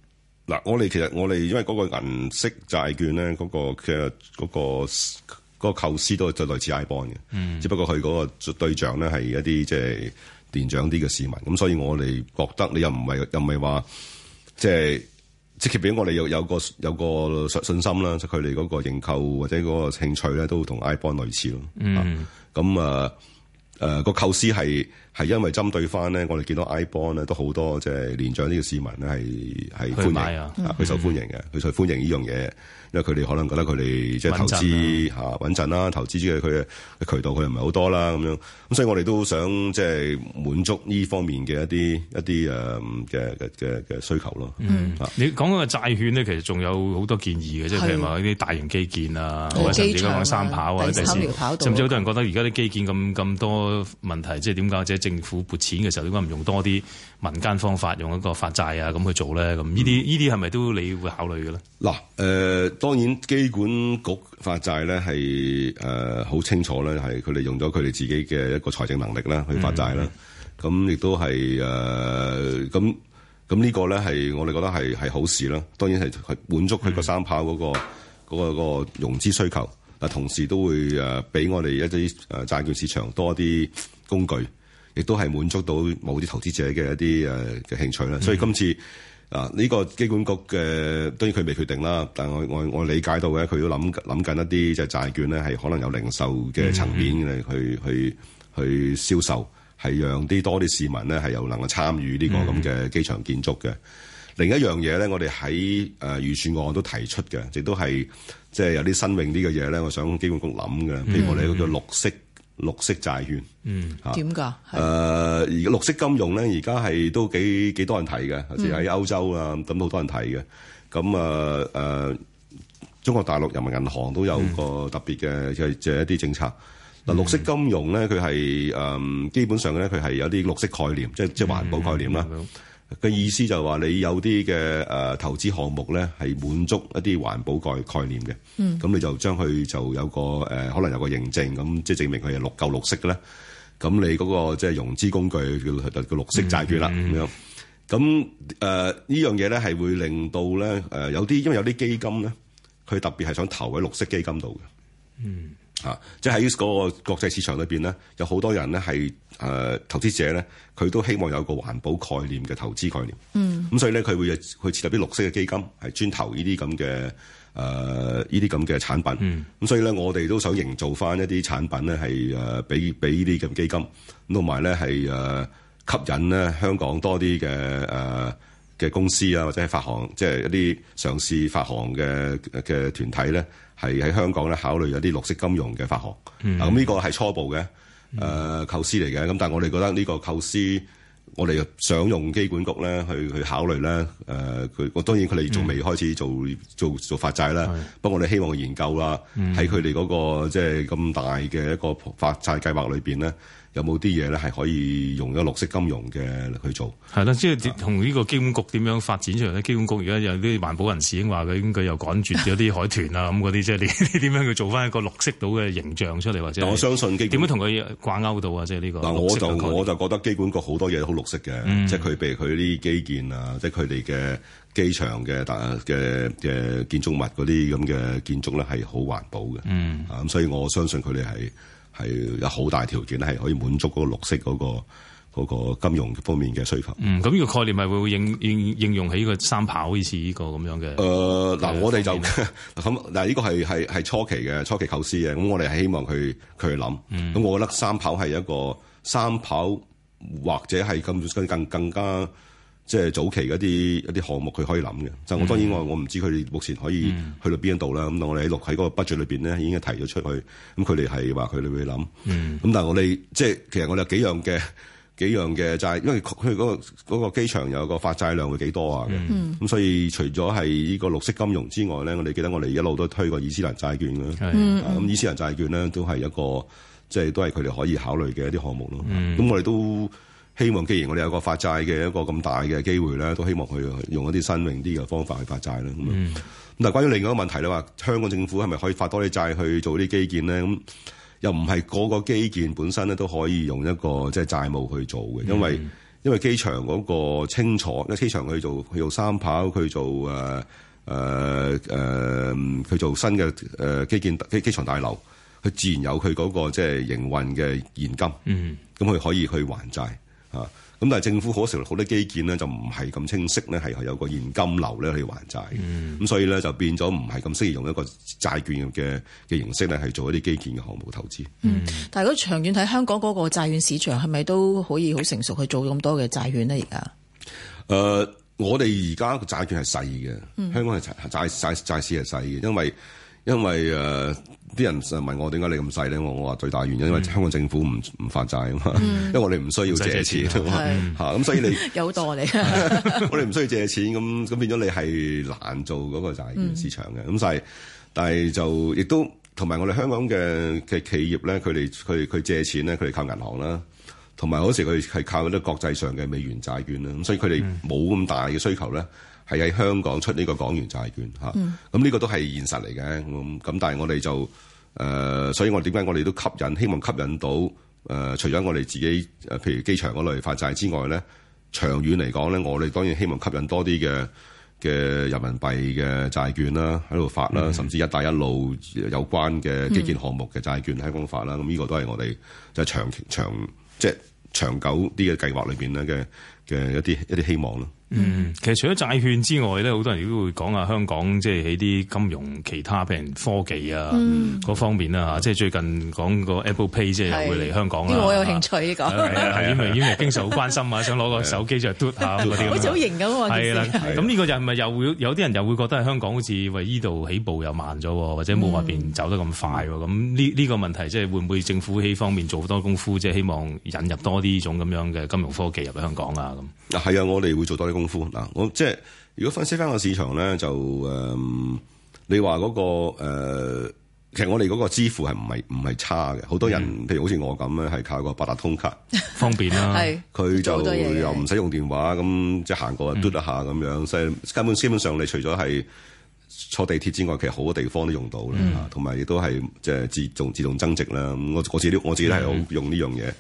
嗱，我哋其實我哋因為嗰個銀色債券咧，嗰個其實嗰個。個構思都係最類似 iBond 嘅，的嗯、只不過佢嗰個對象咧係一啲即係年長啲嘅市民，咁所以我哋覺得你又唔係又唔係話即係直俾我哋有有個有個信心啦，即佢哋嗰個認購或者嗰個興趣咧都同 iBond 類似咯。嗯，咁啊誒、個構思係。係因為針對翻咧，我哋見到 iBond 咧都好多即係年長呢個市民咧係係歡迎，佢、啊啊、受歡迎嘅，佢受歡迎呢樣嘢，因為佢哋可能覺得佢哋即係投資嚇穩陣啦、啊啊啊，投資嘅佢嘅渠道佢又唔係好多啦咁樣，咁所以我哋都想即係、就是、滿足呢方面嘅一啲一啲誒嘅嘅嘅需求咯。嗯啊、你講嗰個債券咧，其實仲有好多建議嘅，即係譬如話啲大型基建是啊，或者你講三跑啊，或者先，甚至好多人覺得而家啲基建咁咁多問題，即係點解即政府撥錢嘅時候，點解唔用多啲民間方法，用一個發債啊咁去做咧？咁呢啲呢啲係咪都你會考慮嘅咧？嗱、呃，誒當然機管局發債咧係誒好清楚咧，係佢哋用咗佢哋自己嘅一個財政能力啦去發債啦。咁亦、嗯、都係誒咁咁呢個咧係我哋覺得係係好事啦。當然係係滿足佢個三跑嗰、嗰個嗰融資需求，嗱同時都會誒俾我哋一啲誒債券市場多啲工具。亦都係滿足到某啲投資者嘅一啲誒嘅興趣啦，所以今次、嗯、啊呢、呢個機管局嘅、啊、當然佢未決定啦，但我我我理解到嘅，佢要諗諗緊一啲即係債券咧係可能有零售嘅層面去、嗯嗯、去去銷售，係讓啲多啲市民咧係有能夠參與呢個咁嘅機場建築嘅。另一樣嘢咧，我哋喺誒預算案都提出嘅，亦都係即係有啲新穎啲嘅嘢咧，我想機管局諗嘅，譬如我哋一個叫綠色。綠色債券，嗯，點㗎、呃？誒，而家綠色金融咧，而家係都幾幾多人睇嘅，甚至喺歐洲啊，等到好多人睇嘅。咁、呃、啊、呃、中國大陸人民銀行都有個特別嘅，即係即係一啲政策。嗱、呃，綠色金融咧，佢係、呃、基本上咧，佢係有啲綠色概念，嗯、即係即係環保概念啦。嗯嘅意思就係話你有啲嘅誒投資項目咧係滿足一啲環保概概念嘅，咁、嗯、你就將佢就有個誒、呃、可能有個認證，咁即係證明佢係綠夠綠色嘅咧。咁你嗰個即係融資工具叫叫綠色債券啦，咁、嗯嗯、樣。咁誒呢樣嘢咧係會令到咧誒、呃、有啲因為有啲基金咧，佢特別係想投喺綠色基金度嘅。嗯，嚇、啊，即係喺嗰個國際市場裏邊咧，有好多人咧係。誒投資者咧，佢都希望有個環保概念嘅投資概念。嗯，咁所以咧，佢會去設立啲綠色嘅基金，係專投呢啲咁嘅誒呢啲咁嘅產品。嗯，咁所以咧，我哋都想營造翻一啲產品咧，係誒俾俾呢啲咁基金，咁同埋咧係誒吸引咧香港多啲嘅誒嘅公司啊，或者係發行即係、就是、一啲嘗試發行嘅嘅團體咧，係喺香港咧考慮有啲綠色金融嘅發行。嗯，咁呢個係初步嘅。誒、呃、構思嚟嘅。咁，但係我哋覺得呢個構思，我哋想用機管局咧去去考慮咧。誒、呃，佢我當然佢哋仲未開始做做做發債啦，不過的我哋希望研究啦，喺佢哋嗰個即係咁大嘅一個發債計劃裏邊咧。有冇啲嘢咧，係可以用咗綠色金融嘅去做？係啦，即係同呢個機管局點樣發展出嚟咧？機管局而家有啲環保人士已經話佢，佢又趕絕咗啲海豚啊咁嗰啲，即係你點樣去做翻一個綠色到嘅形象出嚟？或者我相信機管點樣同佢掛鈎到啊？即係呢個嗱，我就我就覺得機管局好多嘢都好綠色嘅，嗯，即係佢譬如佢啲基建啊，即係佢哋嘅機場嘅嘅嘅建築物嗰啲咁嘅建築咧，係好環保嘅。嗯，咁所以我相信佢哋係。係有好大條件，係可以滿足嗰個綠色嗰個金融方面嘅需求。嗯，咁呢個概念係會應應應用喺呢個三跑好似呢個咁樣嘅。誒、呃，嗱、呃，我哋就咁嗱，呢 個係係係初期嘅初期構思嘅。咁我哋係希望佢佢去諗。咁、嗯、我覺得三跑係一個三跑或者係更更更加。即係早期嗰一啲一啲項目，佢可以諗嘅。就我當然我我唔知佢哋目前可以去到邊一度啦。咁、嗯、我哋喺錄喺嗰個預算裏邊咧，已經提咗出去。咁佢哋係話佢哋會諗。咁、嗯、但係我哋即係其實我哋有幾樣嘅幾樣嘅債，因為佢嗰、嗰個嗰、嗰個機場有個發債量會幾多啊，咁、嗯、所以除咗係呢個綠色金融之外咧，我哋記得我哋一路都推過伊斯蘭債券嘅。咁、嗯、伊斯蘭債券咧都係一個即係都係佢哋可以考慮嘅一啲項目咯。咁、嗯、我哋都。希望，既然我哋有個發債嘅一個咁大嘅機會咧，都希望佢用一啲新穎啲嘅方法去發債咧。咁、嗯，咁但係關於另外一個問題你話香港政府係咪可以發多啲債去做啲基建咧？咁又唔係個個基建本身咧都可以用一個即係債務去做嘅，因為、嗯、因為機場嗰個清楚，因為機場去做去做三跑，去做誒誒誒佢做新嘅誒基建機機，機場大樓，佢自然有佢嗰、嗰個即係、即係、營運嘅現金，咁佢、嗯、可以去還債。啊！咁但係政府可成好多基建咧，就唔係咁清晰咧，係有個現金流咧去還債。咁、嗯、所以咧就變咗唔係咁適宜用一個債券嘅嘅形式咧，係做一啲基建嘅項目投資。嗯，但係如果長遠睇香港嗰個債券市場，係咪都可以好成熟去做咁多嘅債券咧？而家，誒，我哋而家個債券係細嘅，香港係債債債債市係細嘅，因為因為誒。呃啲人就問我點解你咁細咧？我我話最大原因因為香港政府唔唔發債啊嘛，因為我哋唔需要借錢，咁、嗯、所以你有多嚟， 我哋唔需要借錢，咁咁變咗你係難做嗰個債券市場嘅咁細，但係但係就亦都同埋我哋香港嘅嘅企業咧，佢哋佢佢借錢咧，佢哋靠銀行啦，同埋嗰時佢係靠啲國際上嘅美元債券啦，咁所以佢哋冇咁大嘅需求咧。係喺香港出呢個港元債券嚇，咁呢、嗯、個都係現實嚟嘅。咁咁，但係我哋就誒、呃，所以我點解我哋都吸引，希望吸引到誒、呃，除咗我哋自己譬如機場嗰類發債之外咧，長遠嚟講咧，我哋當然希望吸引多啲嘅嘅人民幣嘅債券啦，喺度發啦，嗯、甚至一帶一路有關嘅基建項目嘅債券喺度發啦。咁呢、嗯這個都係我哋就係長期長即係長久啲嘅計劃裏面咧嘅嘅一啲一啲希望咯。嗯，其實除咗債券之外咧，好多人亦都會講下香港即係喺啲金融其他譬如科技啊嗰方面啊。即係最近講個 Apple Pay 即係又會嚟香港啦。因為我有興趣呢個，係因因為經常好關心啊，想攞個手機就嘟嚇嗰啲。好似好型咁喎。係啦，咁呢個又咪又會有啲人又會覺得係香港好似為依度起步又慢咗，或者冇外邊走得咁快喎。咁呢呢個問題即係會唔會政府喺方面做好多功夫，即係希望引入多啲呢種咁樣嘅金融科技入香港啊咁？啊係啊，我哋會做多功夫嗱，我即係如果分析翻個市場咧，就誒、嗯、你話嗰、那個、呃、其實我哋嗰個支付係唔係唔係差嘅，好多人、嗯、譬如好似我咁咧，係靠個八達通卡方便啦、啊，係佢、啊、就又唔使用，用電話咁，即係、 嗯、行過嘟一下咁樣，所以根本基本上，你除咗係坐地鐵之外，其實好多地方都用到啦，同埋亦都係即係自動自動增值啦。咁我我自己我自己都係用用呢樣嘢。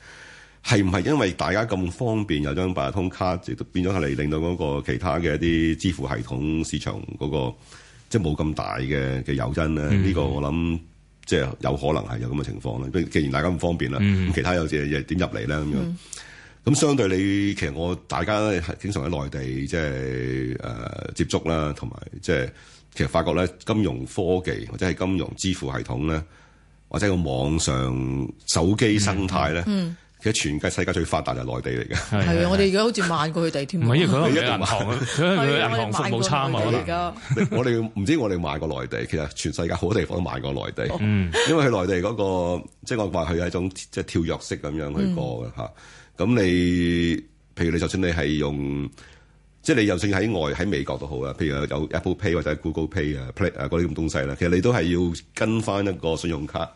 係唔係因為大家咁方便有張八達通卡，亦變咗佢嚟令到嗰個其他嘅一啲支付系統市場嗰個即係冇咁大嘅嘅誘因咧？呢、嗯、個我諗即係有可能係有咁嘅情況咧。既然大家咁方便啦，咁、嗯、其他有隻嘢點入嚟咧咁樣呢？咁、嗯、相對你其實我大家係經常喺內地即係誒接觸啦，同埋即係其實發覺咧金融科技或者係金融支付系統咧，或者個網上手機生態咧。嗯嗯全界世界最發達就係內地嚟嘅，係啊！我哋而家好似慢過佢哋添，唔係因為佢嘅銀行，佢嘅銀行冇差嘛！而家我哋唔知我哋慢過內地，其實全世界好多地方都慢過內地，因為喺內地嗰個，即係我話佢係一種即係跳躍式咁樣去過嘅吓。咁你譬如你就算你係用，即係你就算喺外喺美國都好啊，譬如有 Apple Pay 或者 Google Pay 啊、Play 啊嗰啲咁東西啦，其實你都係要跟翻一個信用卡。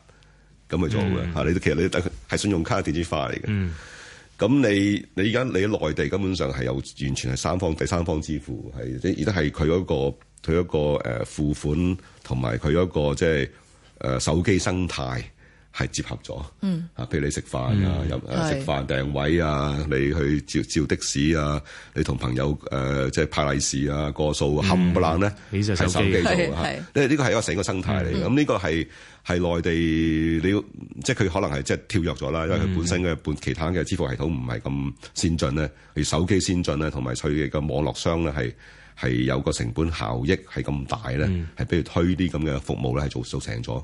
咁去做嘅吓，你都、嗯、其實你都係信用卡電子化嚟嘅。咁、嗯、你你依家你喺內地根本上係有完全係三方第三方支付，係而都係佢嗰個佢一、嗰個付、呃、款同埋佢嗰個即係誒、呃、手機生態。係結合咗，啊，譬如你食飯啊，食、嗯、飯訂位啊，是你去照照的士啊，你同朋友誒、呃、即係派利、嗯、是啊，過數冚唪唥咧喺手機度，嚇，呢個係一個成個生態嚟。咁呢、嗯、個係係內地，你要即係佢可能係即係跳躍咗啦，因為佢本身嘅半、嗯、其他嘅支付系統唔係咁先進咧，你手機先進咧，同埋佢嘅網絡商咧係係有個成本效益係咁大咧，係俾、嗯、如推啲咁嘅服務咧，係做做成咗。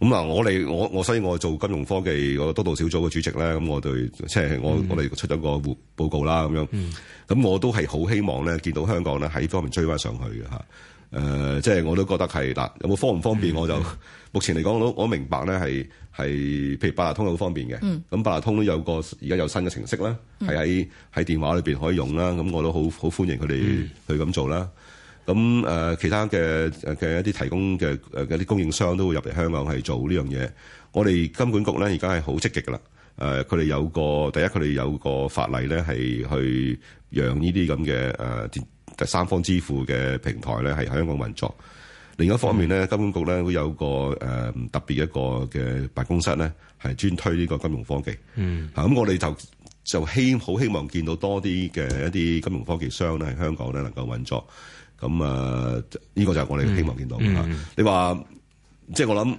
咁啊，我我我所以我做金融科技個督導小組嘅主席咧，咁我對即係我我哋出咗個報告啦，咁樣、嗯，咁我都係好希望咧，見到香港咧喺呢方面追翻上去嘅嚇。誒，即係我都覺得係嗱，有冇方唔方便、嗯、我就的目前嚟講，我我明白咧係係譬如八達通好方便嘅，咁八達通都有個而家有新嘅程式啦，係喺喺電話裏邊可以用啦，咁我都好好歡迎佢哋去咁做啦。咁誒，其他嘅嘅一啲提供嘅誒嘅啲供應商都會入嚟香港去做呢樣嘢。我哋金管局咧而家係好積極噶啦，誒，佢哋有個第一，佢哋有個法例咧係去讓呢啲咁嘅誒第三方支付嘅平台咧係喺香港運作。另一方面咧，金管局咧會有個誒特別一個嘅辦公室咧係專推呢個金融科技。嗯，嚇咁我哋就就希好希望見到多啲嘅一啲金融科技商咧喺香港咧能夠運作。咁啊，呢、嗯嗯嗯、個就係我哋希望見到嘅、嗯、你話即係我諗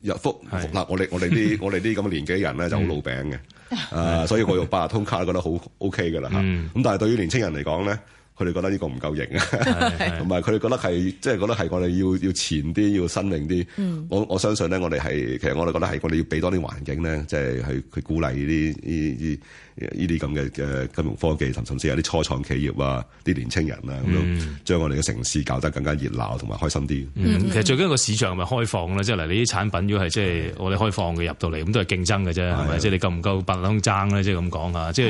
入福嗱，我哋我哋啲我哋啲咁嘅年紀人咧就好老餅嘅啊，嗯、所以我用八達通卡覺得好 O K 嘅啦嚇。咁、嗯、但係對於年青人嚟講咧，佢哋覺得呢個唔夠型啊，同埋佢哋覺得係即係覺得係我哋要要前啲，要新穎啲。嗯、我我相信咧，我哋係其實我哋覺得係我哋要俾多啲環境咧，即係去去鼓勵呢啲呢啲。呢啲咁嘅嘅金融科技，同甚至有啲初創企業啊，啲年青人啊，咁樣將我哋嘅城市搞得更加熱鬧同埋開心啲、嗯的嗯。其實最緊要個市場咪開放咧，即係嚟你啲產品要係即係我哋開放嘅入到嚟，咁都係競爭嘅啫，係咪的？即係你夠唔夠八達通爭咧？即係咁講嚇，即係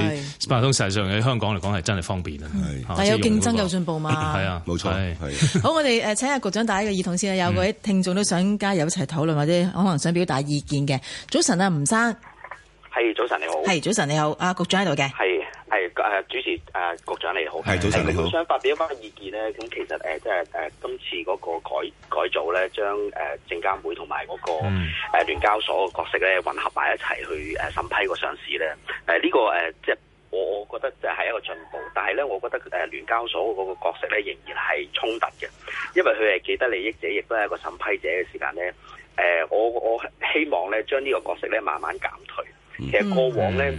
八達通，實際上喺香港嚟講係真係方便啊。的的但係有競爭有進步嘛？係啊、嗯，冇錯。好，我哋誒請下局長戴一個耳筒先啊，有位聽眾都想加入一齊討論或者可能想表達意見嘅，早晨啊，吳生。係、hey, 早晨你好，係早晨你好，阿、啊、局長喺度嘅，係係誒主持誒、啊、局長你好，係早晨你好。想發表翻意見咧，咁其實誒即係誒今次嗰個改改造咧，將誒證監會同埋嗰個誒聯、嗯呃、交所嘅角色咧混合埋一齊去誒審批個上呢、呃這個上市咧誒呢個誒即係我我覺得就係一個進步，但係咧我覺得誒聯、呃、交所嗰個角色咧仍然係衝突嘅，因為佢係既得利益者，亦都係一個審批者嘅時間咧。誒、呃，我我希望咧將呢將這個角色咧慢慢減退。嗯、其實過往咧，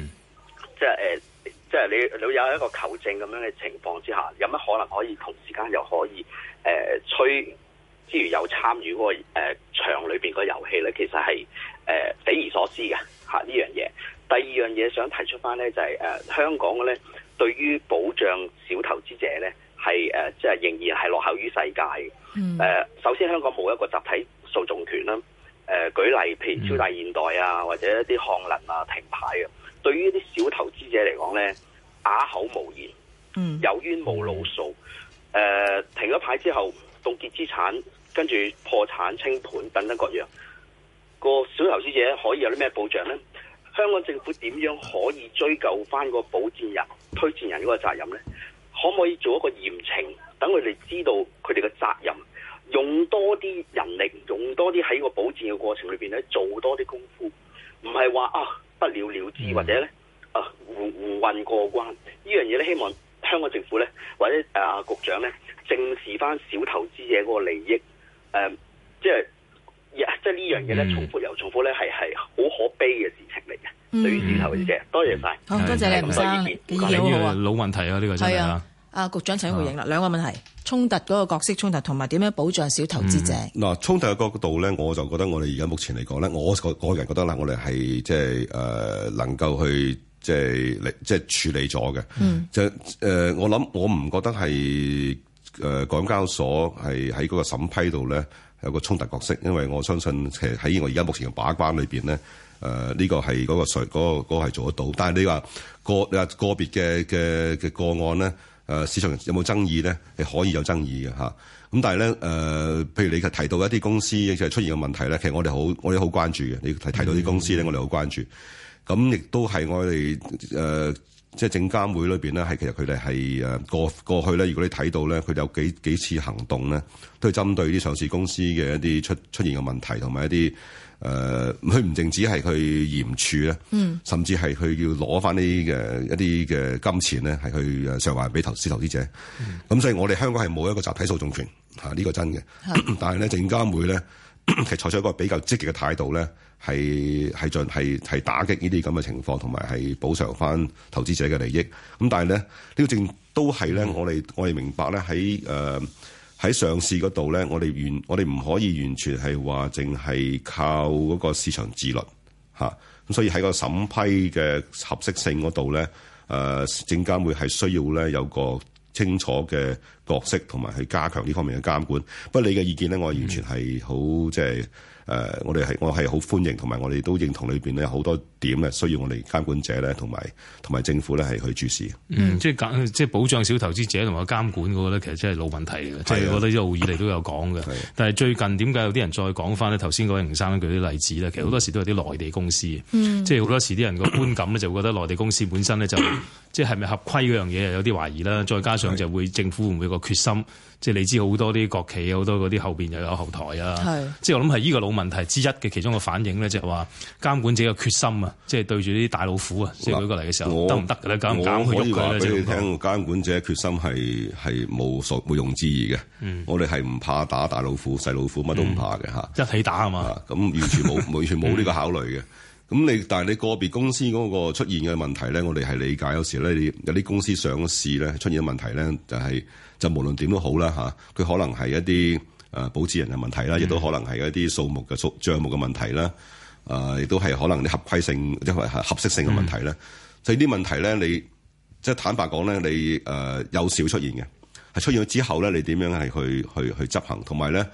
即係誒，即係你你有一個球證咁樣嘅情況之下，有乜可能可以同時間又可以誒、呃、吹之餘有參與嗰個誒、呃、場裏邊個遊戲咧，其實係誒、呃、匪夷所思嘅吓呢樣嘢。第二樣嘢想提出翻咧就係、是、誒、呃、香港咧，對於保障小投資者咧係誒即係仍然係落後於世界嘅。誒、嗯呃，首先香港冇一個集體訴訟權啦。誒、呃、舉例，譬如超大現代啊，或者一啲漢能啊停牌啊，對於啲小投資者嚟講呢，啞口無言，嗯、有冤無路訴，誒、呃、停咗牌之後，凍結資產，跟住破產清盤等等各樣，個小投資者可以有啲咩保障呢？香港政府點樣可以追究翻個保薦人、推薦人嗰個責任呢？可唔可以做一個嚴懲，等佢哋知道佢哋嘅責任？用多啲人力，用多啲喺個保賠嘅過程裏面咧，做多啲功夫，唔係話啊不了了之，或者咧啊糊糊混過關呢樣嘢咧，希望香港政府咧，或者啊局長咧，正視翻小投資者嗰個利益，誒、呃，即係，即係呢樣嘢咧，重複又重複咧，係係好可悲嘅事情嚟嘅。嗯、對於小投資者，多謝晒。好多謝你唔該，關於老問題啊，呢、這個真係啊。阿局長，請回應啦，兩個問題：衝突嗰個角色衝突，同埋點樣保障小投資者？嗱、嗯，衝突嘅角度咧，我就覺得我哋而家目前嚟講咧，我個人覺得啦，我哋係即係誒能夠去即係即係處理咗嘅。嗯，就誒、呃，我諗我唔覺得係誒港交所係喺嗰個審批度咧有個衝突角色，因為我相信其實喺我而家目前嘅把關裏面咧，誒、呃、呢、呢個係嗰、嗰個稅嗰、嗰個、嗰個、係做得到。但係你話個你話個別嘅嘅嘅個案咧？誒市場有冇爭議咧？係可以有爭議嘅嚇。咁但係咧誒，譬如你提到一啲公司嘅出現嘅問題咧，其實我哋好，我哋好關注嘅。你提提到啲公司咧，我哋好關注。咁亦都係我哋誒，即係證監會裏面咧，係其實佢哋係誒過過去咧。如果你睇到咧，佢哋有幾幾次行動咧，都係針對啲上市公司嘅一啲出出現嘅問題同埋一啲。誒，佢唔淨止係去嚴處咧，嗯、甚至係佢要攞翻啲嘅一啲嘅金錢咧，係去償還俾投資投資者。咁、嗯、所以，我哋香港係冇一個集體訴訟權嚇，是呢個真嘅。但係咧，證監會咧，其 實採取一個比較積極嘅態度咧，係係進係係打擊呢啲咁嘅情況，同埋係補償翻投資者嘅利益。咁但係咧，呢、呢個證都係咧，我哋我哋明白咧喺誒。呃喺上市嗰度咧，我哋完我哋唔可以完全係話淨係靠嗰個市場自律吓，咁所以喺個審批嘅合適性嗰度咧，誒證監會係需要咧有個清楚嘅角色，同埋去加強呢方面嘅監管。不過你嘅意見咧，我完全係好即係。嗯誒，uh，我哋係我係好歡迎，同埋我哋都認同裏面咧有好多點咧，需要我哋監管者咧，同埋同埋政府咧係去注視。嗯，即係即係保障小投資者同埋監管嗰個咧，其實真係老問題嘅，即係我哋一路以嚟都有講嘅。但係最近點解有啲人再講翻呢？頭先嗰位吳生咧舉啲例子咧，其實好多時都有啲內地公司、嗯、即係好多時啲人個觀感咧就覺得內地公司本身咧就。嗯即係係咪合規嗰樣嘢有啲懷疑啦？再加上就會政府會唔會個決心？是即係你知好多啲國企，好多嗰啲後邊又有後台啊。是即係我諗係呢個老問題之一嘅其中個反映咧，就係、是、話監管者嘅決心啊，即係對住啲大老虎啊，即係舉過嚟嘅時候得唔得嘅咧？敢唔敢去喐佢咧？聽監管者嘅決心係係冇所無用之意嘅。嗯、我哋係唔怕打大老虎、細老虎，乜都唔怕嘅嚇。嗯、一齊打係嘛？咁、啊、完全冇 完全冇呢個考慮嘅。咁你，但係你個別公司嗰個出現嘅問題咧，我哋係理解有。有時咧，有啲公司上市咧，出現問題咧，就係，就係就無論點都好啦嚇，佢可能係一啲誒保薦人嘅問題啦，亦都可能係一啲數目嘅數帳目嘅問題啦。誒、呃，亦都係可能啲合規性，即係合合適性嘅問題咧。嗯、所以啲問題咧，你即係坦白講咧，你誒有少出現嘅，出現咗之後咧，你點樣係去去去執行，同埋咧。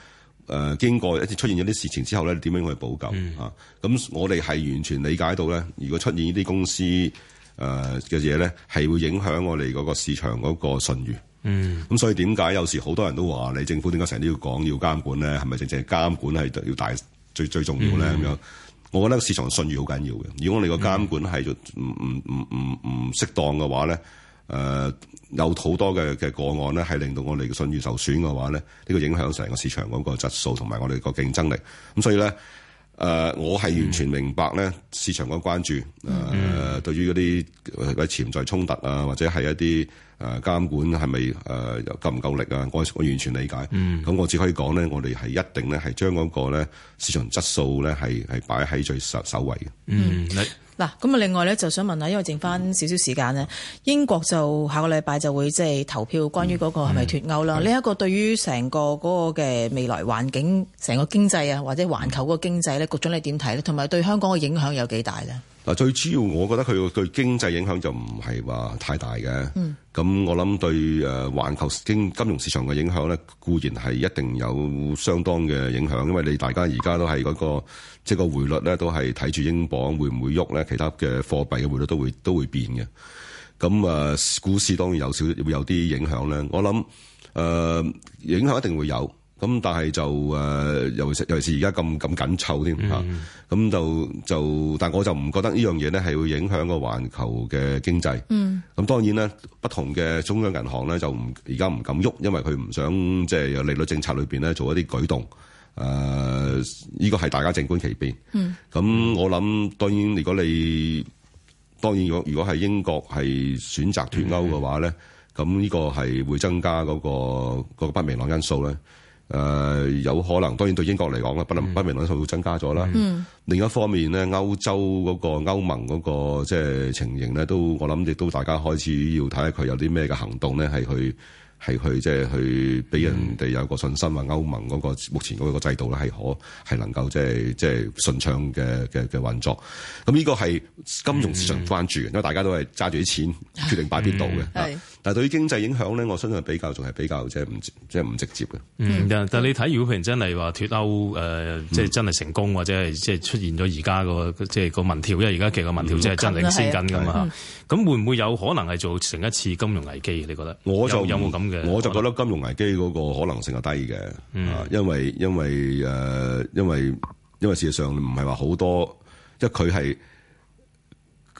誒、呃、經過一次出現一啲事情之後咧，點樣去補救、嗯、啊。咁我哋係完全理解到咧，如果出現呢啲公司誒嘅嘢咧，係、呃、會影響我哋嗰個市場嗰個信譽。嗯，咁所以點解有時好多人都話，你政府點解成日都要講要監管咧？係咪淨係監管係要大最最重要咧？咁樣、嗯，我覺得市場信譽好緊要嘅。如果我哋個監管係做唔唔唔唔唔適當嘅話咧，誒、呃。有好多嘅嘅個案咧，係令到我哋嘅信譽受損嘅話咧，呢、這個影響成個市場嗰個質素同埋我哋個競爭力。咁所以咧，誒、呃，我係完全明白咧，市場個關注誒、嗯呃，對於嗰啲誒潛在衝突啊，或者係一啲誒監管係咪誒夠唔夠力啊，我我完全理解。咁、嗯、我只可以講咧，我哋係一定咧係將嗰個咧市場質素咧係係擺喺最首首位嘅。嗯。嗱，咁啊，另外咧，就想問下，因為剩翻少少時間呢，英國就下個禮拜就會即係投票關於嗰個係咪脫歐啦。呢一、嗯嗯、個對於成個嗰個嘅未來環境、成個經濟啊，或者環球個經濟咧，局長你點睇咧？同埋對香港嘅影響有幾大咧？嗱，最主要我覺得佢對經濟影響就唔係話太大嘅。咁、嗯、我諗對誒環球經金融市場嘅影響咧，固然係一定有相當嘅影響，因為你大家而家都係嗰、那個即係、就是、個匯率咧，都係睇住英鎊會唔會喐咧，其他嘅貨幣嘅匯率都會都會變嘅。咁啊，股市當然有少會有啲影響咧。我諗誒、呃，影響一定會有。咁但係就誒，尤其是尤其是而家咁咁緊湊添咁、嗯啊、就就，但係我就唔覺得呢樣嘢咧係會影響個環球嘅經濟。咁、嗯、當然咧，不同嘅中央銀行咧就唔而家唔敢喐，因為佢唔想即係、就是、有利率政策裏面咧做一啲舉動。誒、啊，呢個係大家靜觀其變。咁、嗯、我諗當然，如果你當然如果如果係英國係選擇脫歐嘅話咧，咁呢、嗯、個係會增加嗰、那個嗰、那個、不明朗因素咧。誒、呃，有可能，當然對英國嚟講咧，不能不明朗數增加咗啦。嗯，另一方面咧，歐洲嗰、那個歐盟嗰、那個即係、就是、情形咧，都我諗亦都大家開始要睇下佢有啲咩嘅行動咧，係去係去即係去俾人哋有個信心話，歐盟嗰、那個目前嗰個制度咧，係可係能夠即係即係順暢嘅嘅嘅運作。咁呢個係金融市場關注，嗯、因為大家都係揸住啲錢唉決定擺邊度嘅。嗯但係對於經濟影響咧，我相信比較仲係比較即係唔即係唔直接嘅。嗯，但係你睇，如果譬如真係話脱歐，誒、呃，嗯、即係真係成功或者係即係出現咗而家個即係個民調，因為而家其實個民調即係真係領先緊噶嘛。咁、嗯、會唔會有可能係造成一次金融危機？你覺得我就有冇咁嘅？我就覺得金融危機嗰個可能性係低嘅、啊，因為因為誒，因為、呃、因為因為事實上唔係話好多，即佢係。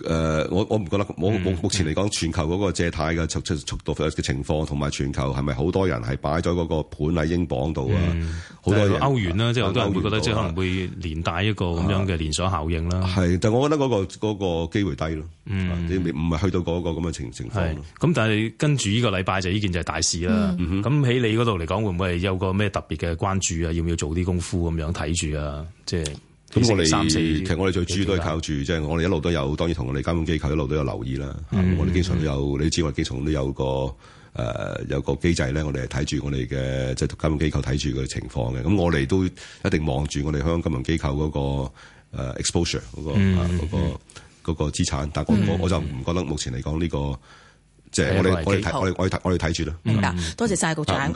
誒、呃，我我唔覺得，我我目前嚟講，全球嗰個借貸嘅速速度嘅情況，同埋全球係咪好多人係擺咗嗰個盤喺英鎊度、嗯、啊？好多歐元啦，即係我都會覺得，即係可能會連帶一個咁樣嘅連鎖效應啦。係、嗯，但係、就是、我覺得嗰、那個嗰、那個機會低咯。你唔係去到嗰個咁嘅情情況。係、嗯，咁但係跟住呢個禮拜就呢件就係大事啦。咁喺、嗯、你嗰度嚟講，會唔會係有個咩特別嘅關注啊？要唔要做啲功夫咁樣睇住啊？即係。就是咁我哋其實我哋最主要都係靠住，即、就、係、是、我哋一路都有，當然同我哋監管機構一路都有留意啦。嗯、我哋經常都有，你知我哋經常都有個誒、呃、有個機制咧，我哋係睇住我哋嘅即係監管機構睇住嘅情況嘅。咁我哋都一定望住我哋香港金融機構嗰個 exposure 嗰、嗰個嗰個資產。但係我我就唔覺得目前嚟講呢個即係、就是、我哋我哋睇我哋我哋睇住啦。明白，多謝晒，局長。